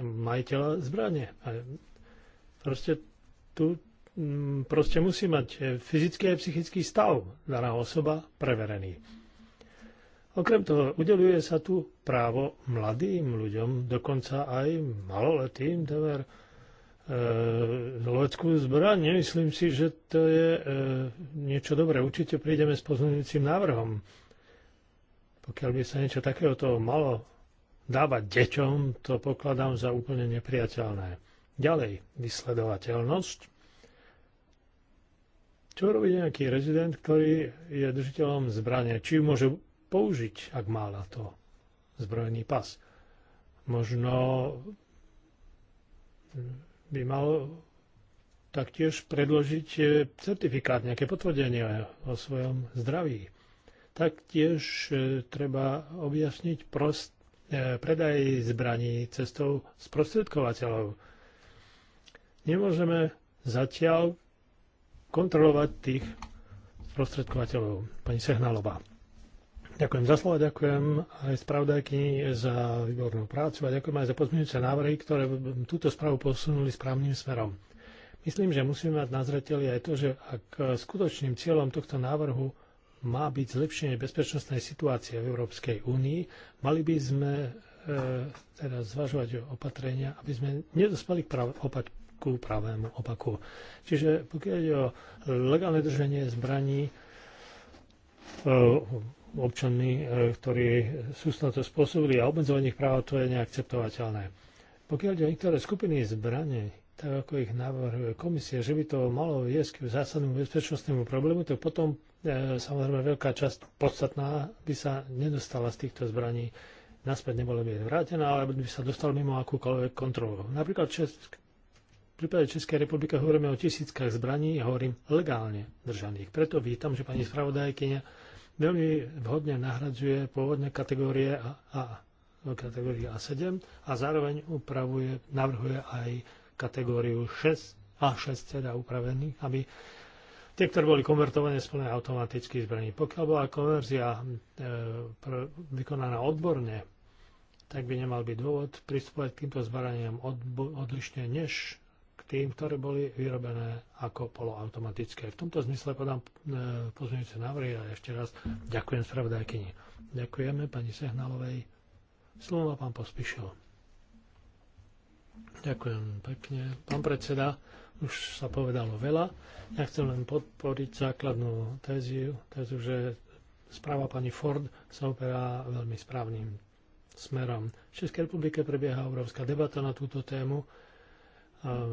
majiteľa zbranie. Proste tu proste musí mať fyzický a psychický stav daná osoba preverený. Okrem toho, udeluje sa tu právo mladým ľuďom, dokonca aj maloletým, dever, e, loveckú zbraň. Nemyslím si, že to je e, niečo dobré. Určite prídeme s pozmeňujúcim návrhom. Pokiaľ by sa niečo takéhoto malo dávať deťom, to pokladám za úplne nepriateľné. Ďalej, vysledovateľnosť. Čo robí nejaký rezident, ktorý je držiteľom zbrania? Či môže použiť, ak má na to zbrojný pas. Možno by mal taktiež predložiť eh, certifikát, nejaké potvrdenie o svojom zdraví. Taktiež eh, treba objasniť prost, eh, predaj zbraní cestou sprostredkovateľov. Nemôžeme zatiaľ kontrolovať tých sprostredkovateľov. Pani Sehnalová. Ďakujem za slovo, ďakujem aj spravodajky za výbornú prácu a ďakujem aj za pozmeňujúce návrhy, ktoré túto správu posunuli správnym smerom. Myslím, že musíme mať na zreteli aj to, že ak skutočným cieľom tohto návrhu má byť zlepšenie bezpečnostnej situácie v Európskej únii, mali by sme e, teda zvažovať opatrenia, aby sme nedospali k prav, opa- ku pravému opaku. Čiže pokiaľ je o legálne drženie, zbraní, e, občanmi, e, ktorí sú na to spôsobili a obmedzovanie ich práva to je neakceptovateľné. Pokiaľ ide o niektoré skupiny zbraní, tak ako ich navrhuje komisia, že by to malo viesť k zásadnému bezpečnostnému problému, tak potom e, samozrejme veľká časť podstatná by sa nedostala z týchto zbraní naspäť nebolo by vrátená, ale by sa dostala mimo akúkoľvek kontrolu. Napríklad Česk, v prípade Českej republiky hovoríme o tisíckach zbraní a hovorím legálne držaných. Preto vítam, že pani spravodajkyňa veľmi vhodne nahradzuje pôvodné kategórie A, A kategórii A7 a zároveň upravuje, navrhuje aj kategóriu 6, A6 teda upravený, aby tie, ktoré boli konvertované z automaticky zbraní. Pokiaľ bola konverzia e, pr- vykonaná odborne, tak by nemal byť dôvod pristupovať k týmto zbraniam odbo- odlišne, než tým, ktoré boli vyrobené ako poloautomatické. V tomto zmysle podám e, pozmeňujúce návrhy a ešte raz ďakujem spravodajkyni. Ďakujeme pani Sehnalovej. Slovo pán Pospišil. Ďakujem pekne. Pán predseda, už sa povedalo veľa. Ja chcem len podporiť základnú téziu, tézu, že správa pani Ford sa operá veľmi správnym smerom. V Českej republike prebieha obrovská debata na túto tému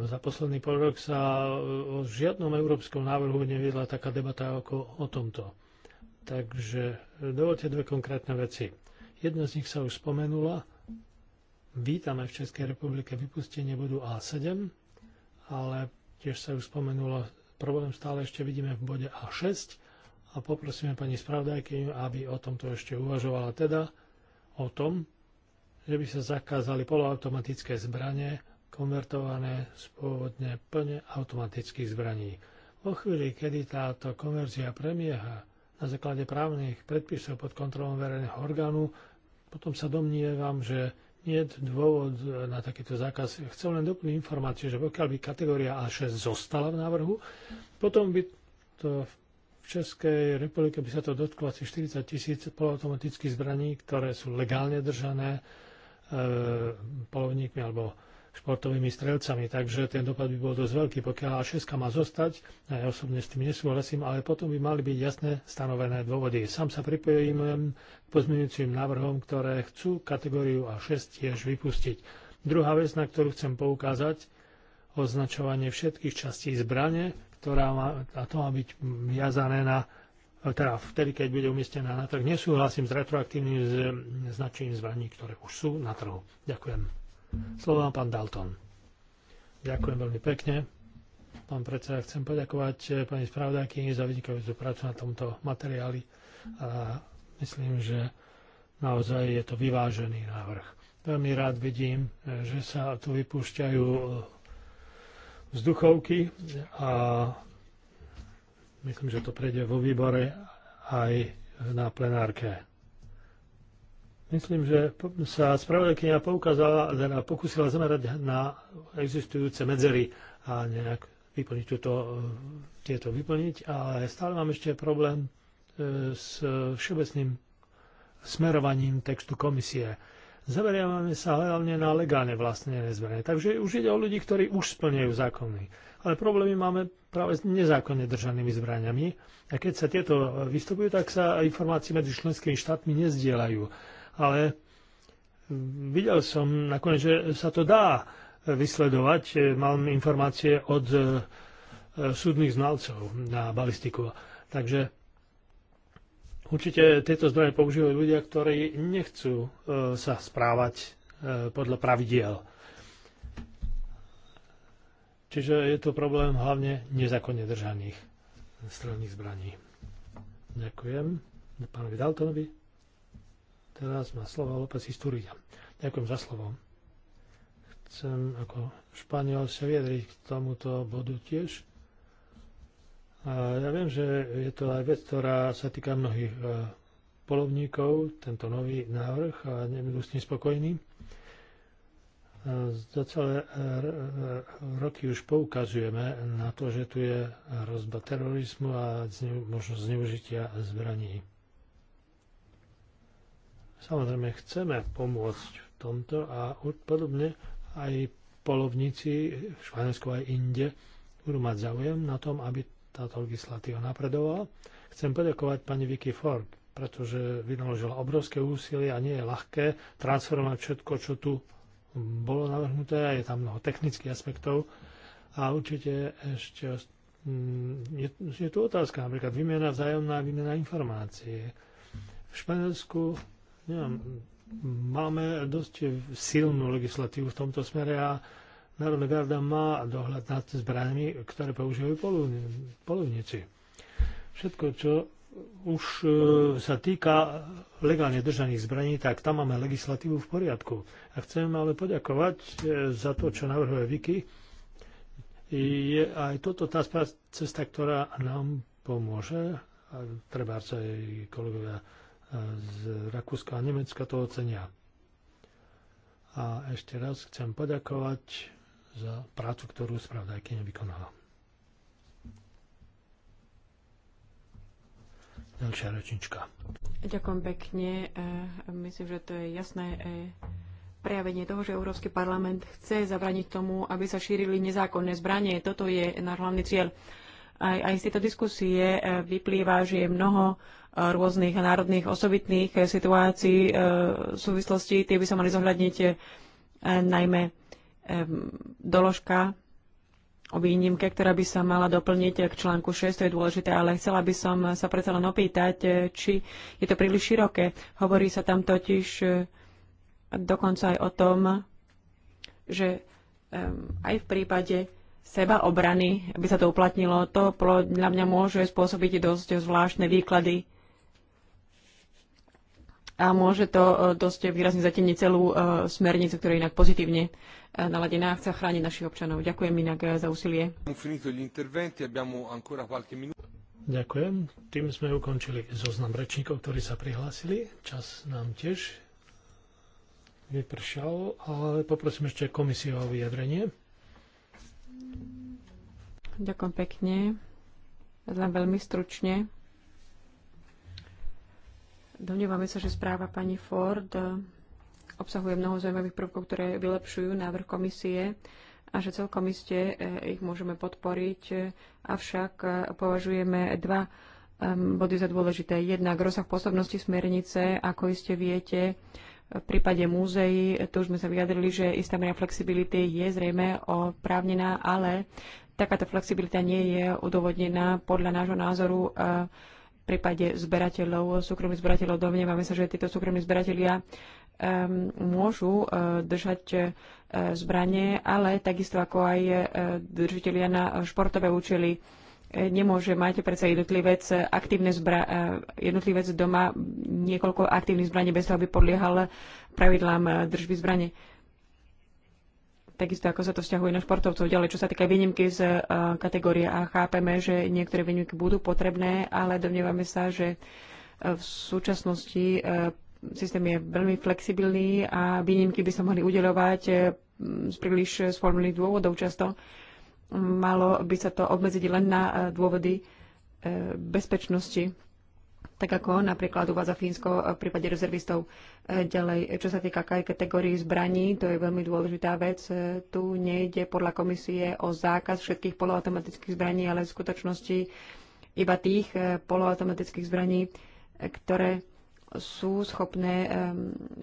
za posledný pol rok sa o žiadnom európskom návrhu neviedla taká debata ako o tomto. Takže dovolte dve konkrétne veci. Jedna z nich sa už spomenula. Vítame v Českej republike vypustenie bodu A7, ale tiež sa už spomenula, problém stále ešte vidíme v bode A6 a poprosíme pani spravdajky, aby o tomto ešte uvažovala teda, o tom, že by sa zakázali poloautomatické zbranie konvertované z pôvodne plne automatických zbraní. Vo chvíli, kedy táto konverzia premieha na základe právnych predpisov pod kontrolou verejného orgánu, potom sa domnievam, že nie je dôvod na takýto zákaz. Chcem len doplniť informáciu, že pokiaľ by kategória A6 zostala v návrhu, potom by to v Českej republike by sa to dotklo asi 40 tisíc poloautomatických zbraní, ktoré sú legálne držané e, polovníkmi alebo športovými strelcami, takže ten dopad by bol dosť veľký, pokiaľ A6 má zostať, ja osobne s tým nesúhlasím, ale potom by mali byť jasné stanovené dôvody. Sám sa pripojím k pozmeňujúcim návrhom, ktoré chcú kategóriu A6 tiež vypustiť. Druhá vec, na ktorú chcem poukázať, označovanie všetkých častí zbrane, ktorá má, a to má byť viazané na teda vtedy, keď bude umiestnená na trh. Nesúhlasím s retroaktívnym značením zbraní, ktoré už sú na trhu. Ďakujem. Slovo vám pán Dalton. Ďakujem veľmi pekne. Pán predseda, chcem poďakovať eh, pani spravodajky za vynikajúcu prácu na tomto materiáli a myslím, že naozaj je to vyvážený návrh. Veľmi rád vidím, eh, že sa tu vypúšťajú eh, vzduchovky a myslím, že to prejde vo výbore aj na plenárke Myslím, že sa spravodajkynia poukázala, teda pokusila zamerať na existujúce medzery a nejak vyplniť túto, tieto vyplniť, ale stále mám ešte problém e, s všeobecným smerovaním textu komisie. Zameriavame sa hlavne na legálne vlastné zbranie. Takže už ide o ľudí, ktorí už splňajú zákony. Ale problémy máme práve s nezákonne držanými zbraniami. A keď sa tieto vystupujú, tak sa informácie medzi členskými štátmi nezdielajú ale videl som nakoniec, že sa to dá vysledovať. Mám informácie od e, súdnych znalcov na balistiku. Takže určite tieto zbranie používajú ľudia, ktorí nechcú e, sa správať e, podľa pravidiel. Čiže je to problém hlavne nezákonne držaných strelných zbraní. Ďakujem pánovi Daltonovi. Teraz má slovo López Isturiza. Ďakujem za slovo. Chcem ako Španiel sa vyjadriť k tomuto bodu tiež. A ja viem, že je to aj vec, ktorá sa týka mnohých e, polovníkov, tento nový návrh a nebudú s ním spokojní. E, za celé e, roky už poukazujeme na to, že tu je hrozba terorizmu a možnosť zneužitia zbraní. Samozrejme, chceme pomôcť v tomto a podobne aj polovníci v Španielsku aj inde budú mať záujem na tom, aby táto legislatíva napredovala. Chcem poďakovať pani Vicky Ford, pretože vynaložila obrovské úsilie a nie je ľahké transformovať všetko, čo tu bolo navrhnuté a je tam mnoho technických aspektov. A určite ešte mm, je, je tu otázka, napríklad výmena vzájomná výmena informácií. V Španielsku neviem, mhm. máme dosť silnú legislatívu v tomto smere a Národná garda má dohľad nad zbraniami, ktoré používajú polovníci. Všetko, čo už e, sa týka legálne držaných zbraní, tak tam máme legislatívu v poriadku. A chcem ale poďakovať e, za to, čo navrhuje Viki. Je aj toto tá cesta, ktorá nám pomôže. A treba sa jej kolegovia z Rakúska a Nemecka to ocenia. A ešte raz chcem poďakovať za prácu, ktorú spravodajkyňa vykonala. Ďalšia rečnička.
Ďakujem pekne. E, myslím, že to je jasné e, prejavenie toho, že Európsky parlament chce zabraniť tomu, aby sa šírili nezákonné zbranie. Toto je náš hlavný cieľ. Aj, aj z tejto diskusie e, vyplýva, že je mnoho rôznych národných osobitných eh, situácií, eh, súvislosti, Tie by sa mali zohľadniť eh, najmä doložka o výnimke, ktorá by sa mala doplniť k článku 6, to je dôležité, ale chcela by som sa predsa len opýtať, či je to príliš široké. Hovorí sa tam totiž dokonca aj o tom, že aj v prípade seba obrany by sa to uplatnilo. To podľa mňa môže spôsobiť dosť zvláštne výklady a môže to e, dosť výrazne zatieniť celú e, smernicu, ktorá je inak pozitívne e, naladená a chce chrániť našich
občanov. Ďakujem inak za úsilie. Ďakujem. Tým sme ukončili zoznam rečníkov, ktorí sa prihlásili. Čas nám tiež vypršal, ale poprosím ešte komisiu o vyjadrenie.
Ďakujem pekne. Len veľmi stručne. Domnievame sa, že správa pani Ford e, obsahuje mnoho zaujímavých prvkov, ktoré vylepšujú návrh komisie a že celkom iste e, ich môžeme podporiť, avšak e, považujeme dva body za dôležité. Jednak rozsah pôsobnosti smernice, ako iste viete, v prípade múzeí, tu už sme sa vyjadrili, že istá mera flexibility je zrejme oprávnená, ale takáto flexibilita nie je udovodnená podľa nášho názoru v prípade zberateľov, súkromných zberateľov, domnievame sa, že títo súkromní zberatelia um, môžu uh, držať uh, zbranie, ale takisto ako aj uh, držiteľia na športové účely nemôže mať predsa jednotlivec, aktívne zbra- jednotlivec doma niekoľko aktívnych zbraní bez toho, aby podliehal pravidlám držby zbranie takisto ako sa to vzťahuje na športovcov. Ďalej, čo sa týka výnimky z e, kategórie A, chápeme, že niektoré výnimky budú potrebné, ale domnievame sa, že e, v súčasnosti e, systém je veľmi flexibilný a výnimky by sa mohli udeľovať z príliš sformulných dôvodov často. Malo by sa to obmedziť len na dôvody bezpečnosti tak ako napríklad uvádza Fínsko v prípade rezervistov. E, ďalej, e, čo sa týka kategórií zbraní, to je veľmi dôležitá vec. E, tu nejde podľa komisie o zákaz všetkých poloautomatických zbraní, ale v skutočnosti iba tých poloautomatických zbraní, ktoré sú schopné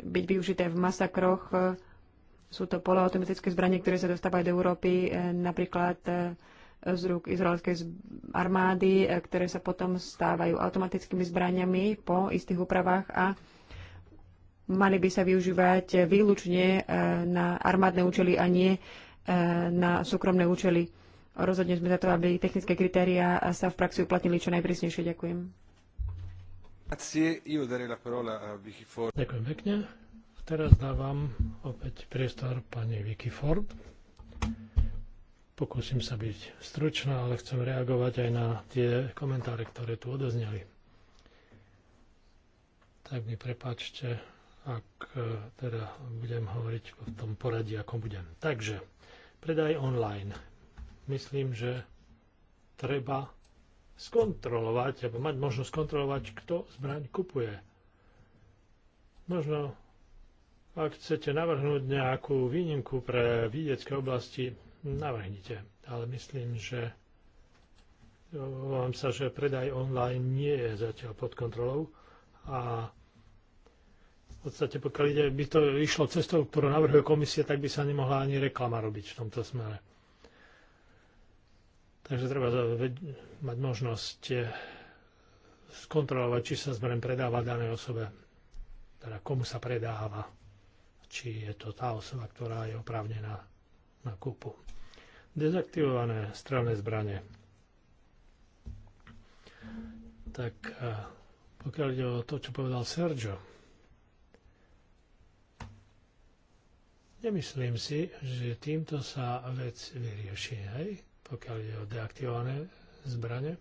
byť využité v masakroch. Sú to poloautomatické zbranie, ktoré sa dostávajú do Európy napríklad z rúk izraelskej armády, e, ktoré sa potom stávajú automatickými zbraniami po istých úpravách a mali by sa využívať výlučne e, na armádne účely a nie e, na súkromné účely. Rozhodne sme za to, aby technické kritériá sa v praxi uplatnili čo
najprísnejšie. Ďakujem. Ďakujem pekne. Teraz dávam opäť priestor pani Vicky Ford. Pokúsim sa byť stručná, ale chcem reagovať aj na tie komentáre, ktoré tu odozneli. Tak mi prepáčte, ak e, teda budem hovoriť v tom poradí, ako budem. Takže, predaj online. Myslím, že treba skontrolovať, alebo mať možnosť kontrolovať, kto zbraň kupuje. Možno, ak chcete navrhnúť nejakú výnimku pre vidiecké oblasti, navrhnite. Ale myslím, že obávam sa, že predaj online nie je zatiaľ pod kontrolou a v podstate pokiaľ ide, by to išlo cestou, ktorú navrhuje komisia, tak by sa nemohla ani reklama robiť v tomto smere. Takže treba mať možnosť eh, skontrolovať, či sa zmerem predáva danej osobe, teda komu sa predáva, či je to tá osoba, ktorá je oprávnená kúpu. Dezaktivované strelné zbranie. Tak pokiaľ ide o to, čo povedal Sergio, nemyslím si, že týmto sa vec vyrieši, hej? pokiaľ ide o deaktivované zbranie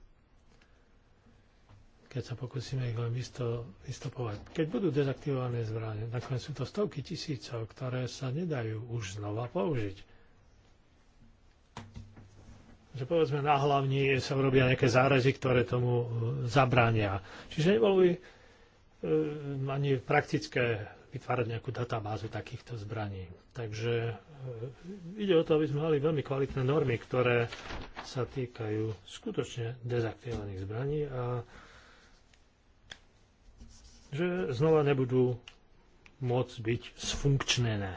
keď sa pokúsime ich len vysto, vystopovať. Keď budú dezaktivované zbranie, nakoniec sú to stovky tisícov, ktoré sa nedajú už znova použiť že povedzme na hlavni sa urobia nejaké zárezy, ktoré tomu e, zabránia. Čiže nebolo by e, ani praktické vytvárať nejakú databázu takýchto zbraní. Takže e, ide o to, aby sme mali veľmi kvalitné normy, ktoré sa týkajú skutočne dezaktivovaných zbraní a že znova nebudú môcť byť sfunkčnené.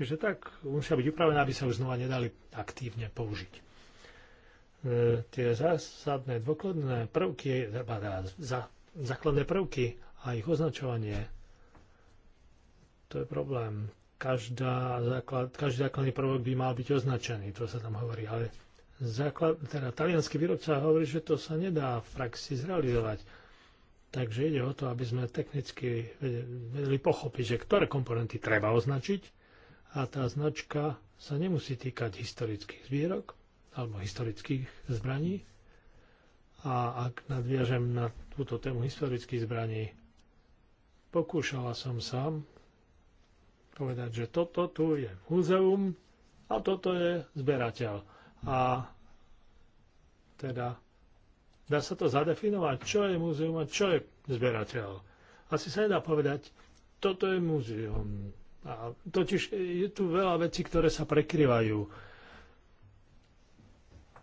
Čiže tak musia byť upravené, aby sa už znova nedali aktívne použiť. E, tie zásadné dôkladné prvky, teda za, základné prvky a ich označovanie, to je problém. Každá základ, každý základný prvok by mal byť označený, to sa tam hovorí, ale základ, teda talianský výrobca hovorí, že to sa nedá v praxi zrealizovať. Takže ide o to, aby sme technicky vedeli pochopiť, že ktoré komponenty treba označiť a tá značka sa nemusí týkať historických zbierok alebo historických zbraní. A ak nadviažem na túto tému historických zbraní, pokúšala som sám povedať, že toto tu je múzeum a toto je zberateľ. A teda dá sa to zadefinovať, čo je múzeum a čo je zberateľ. Asi sa nedá povedať, toto je múzeum, a totiž je tu veľa vecí, ktoré sa prekryvajú.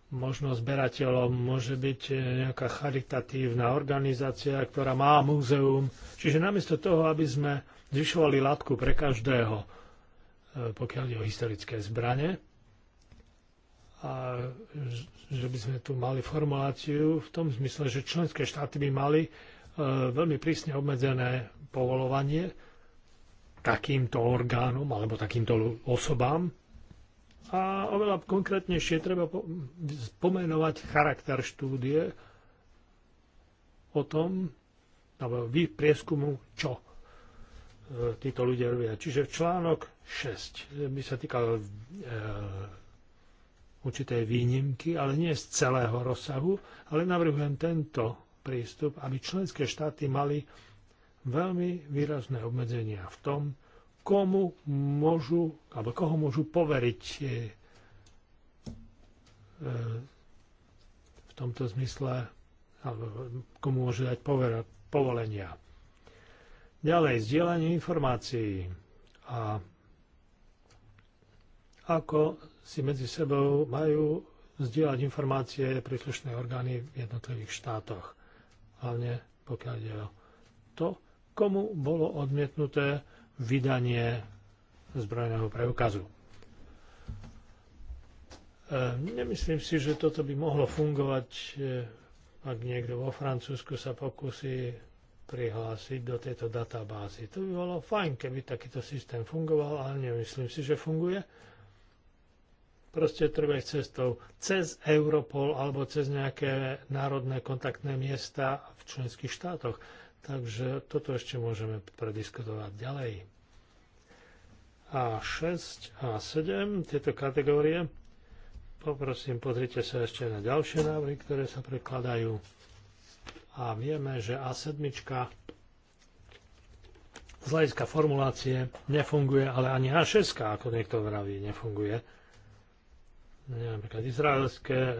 Možno zberateľom môže byť e, nejaká charitatívna organizácia, ktorá má múzeum. Čiže namiesto toho, aby sme zvyšovali látku pre každého, e, pokiaľ je o historické zbranie, a že by sme tu mali formuláciu v tom zmysle, že členské štáty by mali e, veľmi prísne obmedzené povolovanie takýmto orgánom alebo takýmto osobám. A oveľa konkrétnejšie treba spomenovať charakter štúdie o tom, alebo vy prieskumu, čo e, títo ľudia robia. Čiže článok 6 e, by sa týkal e, určitej výnimky, ale nie z celého rozsahu, ale navrhujem tento prístup, aby členské štáty mali veľmi výrazné obmedzenia v tom, komu môžu, alebo koho môžu poveriť eh, v tomto zmysle, alebo komu môže dať povera, povolenia. Ďalej, zdieľanie informácií a ako si medzi sebou majú zdieľať informácie príslušné orgány v jednotlivých štátoch. Hlavne pokiaľ ide o to, komu bolo odmietnuté vydanie zbrojného preukazu. E, nemyslím si, že toto by mohlo fungovať, e, ak niekto vo Francúzsku sa pokusí prihlásiť do tejto databázy. To by bolo fajn, keby takýto systém fungoval, ale nemyslím si, že funguje. Proste treba ísť cestou cez Europol alebo cez nejaké národné kontaktné miesta v členských štátoch. Takže toto ešte môžeme prediskutovať ďalej. A 6 a 7, tieto kategórie. Poprosím, pozrite sa ešte na ďalšie návrhy, ktoré sa prekladajú. A vieme, že A7 z hľadiska formulácie nefunguje, ale ani A6, ako niekto vraví, nefunguje napríklad izraelské e, e,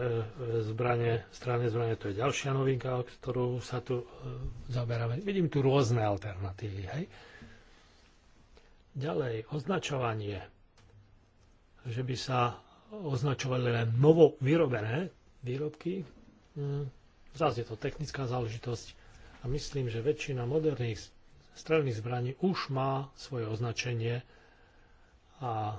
zbranie, strany zbranie, to je ďalšia novinka, o ktorú sa tu e, zaoberáme. Vidím tu rôzne alternatívy. Hej? Ďalej, označovanie, že by sa označovali len novo vyrobené výrobky. Zase je to technická záležitosť a myslím, že väčšina moderných strelných zbraní už má svoje označenie a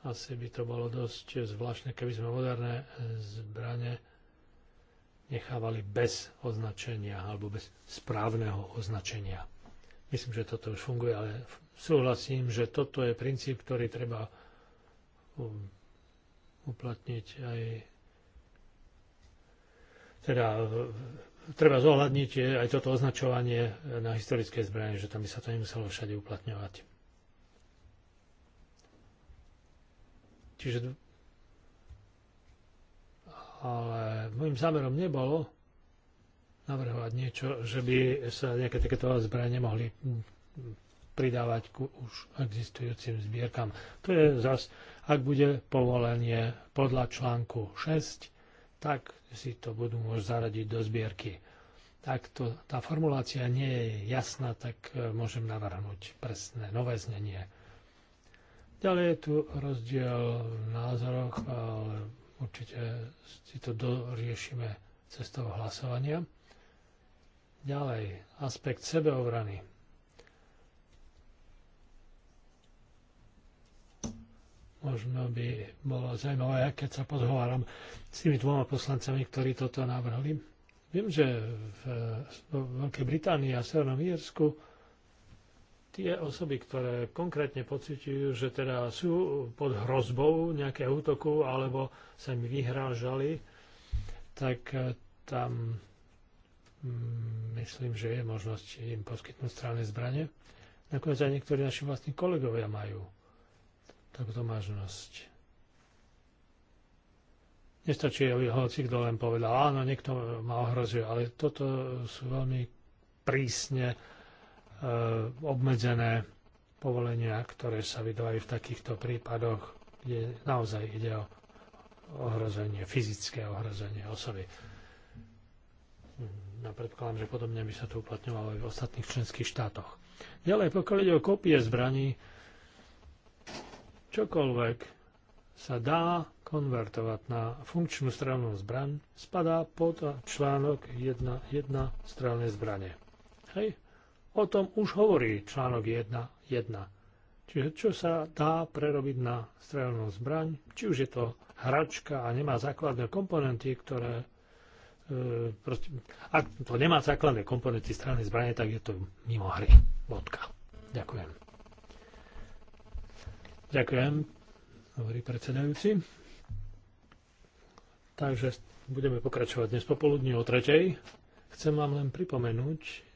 asi by to bolo dosť zvláštne, keby sme moderné zbranie nechávali bez označenia alebo bez správneho označenia. Myslím, že toto už funguje, ale súhlasím, že toto je princíp, ktorý treba um, uplatniť aj teda uh, treba zohľadniť eh, aj toto označovanie na historické zbranie, že tam by sa to nemuselo všade uplatňovať. Čiže ale môjim zámerom nebolo navrhovať niečo, že by sa nejaké takéto zbranie mohli pridávať ku už existujúcim zbierkam. To je zas, ak bude povolenie podľa článku 6, tak si to budú môcť zaradiť do zbierky. Ak to, tá formulácia nie je jasná, tak e, môžem navrhnúť presné nové znenie. Ďalej je tu rozdiel v názoroch, ale určite si to doriešime cestou hlasovania. Ďalej, aspekt sebeobrany. Možno by bolo zaujímavé, keď sa pozhováram s tými dvoma poslancami, ktorí toto navrhli. Viem, že v Veľkej Británii a Severnom Írsku tie osoby, ktoré konkrétne pociťujú, že teda sú pod hrozbou nejakého útoku alebo sa im vyhrážali, tak eh, tam mm, myslím, že je možnosť im poskytnúť strálne zbranie. Nakoniec aj niektorí naši vlastní kolegovia majú takúto možnosť. Nestačí, aby hoci kto len povedal, áno, niekto ma ohrozuje, ale toto sú veľmi prísne E, obmedzené povolenia, ktoré sa vydávajú v takýchto prípadoch, kde naozaj ide o ohrozenie, fyzické ohrozenie osoby. Hm, no, predpokladám, že podobne by sa to uplatňovalo aj v ostatných členských štátoch. Ďalej, pokiaľ ide o kopie zbraní, čokoľvek sa dá konvertovať na funkčnú strelnú zbraň, spadá pod článok 1.1 strelné zbranie. Hej, O tom už hovorí článok 1.1. Čiže čo sa dá prerobiť na strelnú zbraň, či už je to hračka a nemá základné komponenty, ktoré e, proste, ak to nemá základné komponenty strany zbrane, tak je to mimo hry. Bodka. Ďakujem. Ďakujem, hovorí predsedajúci. Takže budeme pokračovať dnes popoludní o tretej. Chcem vám len pripomenúť,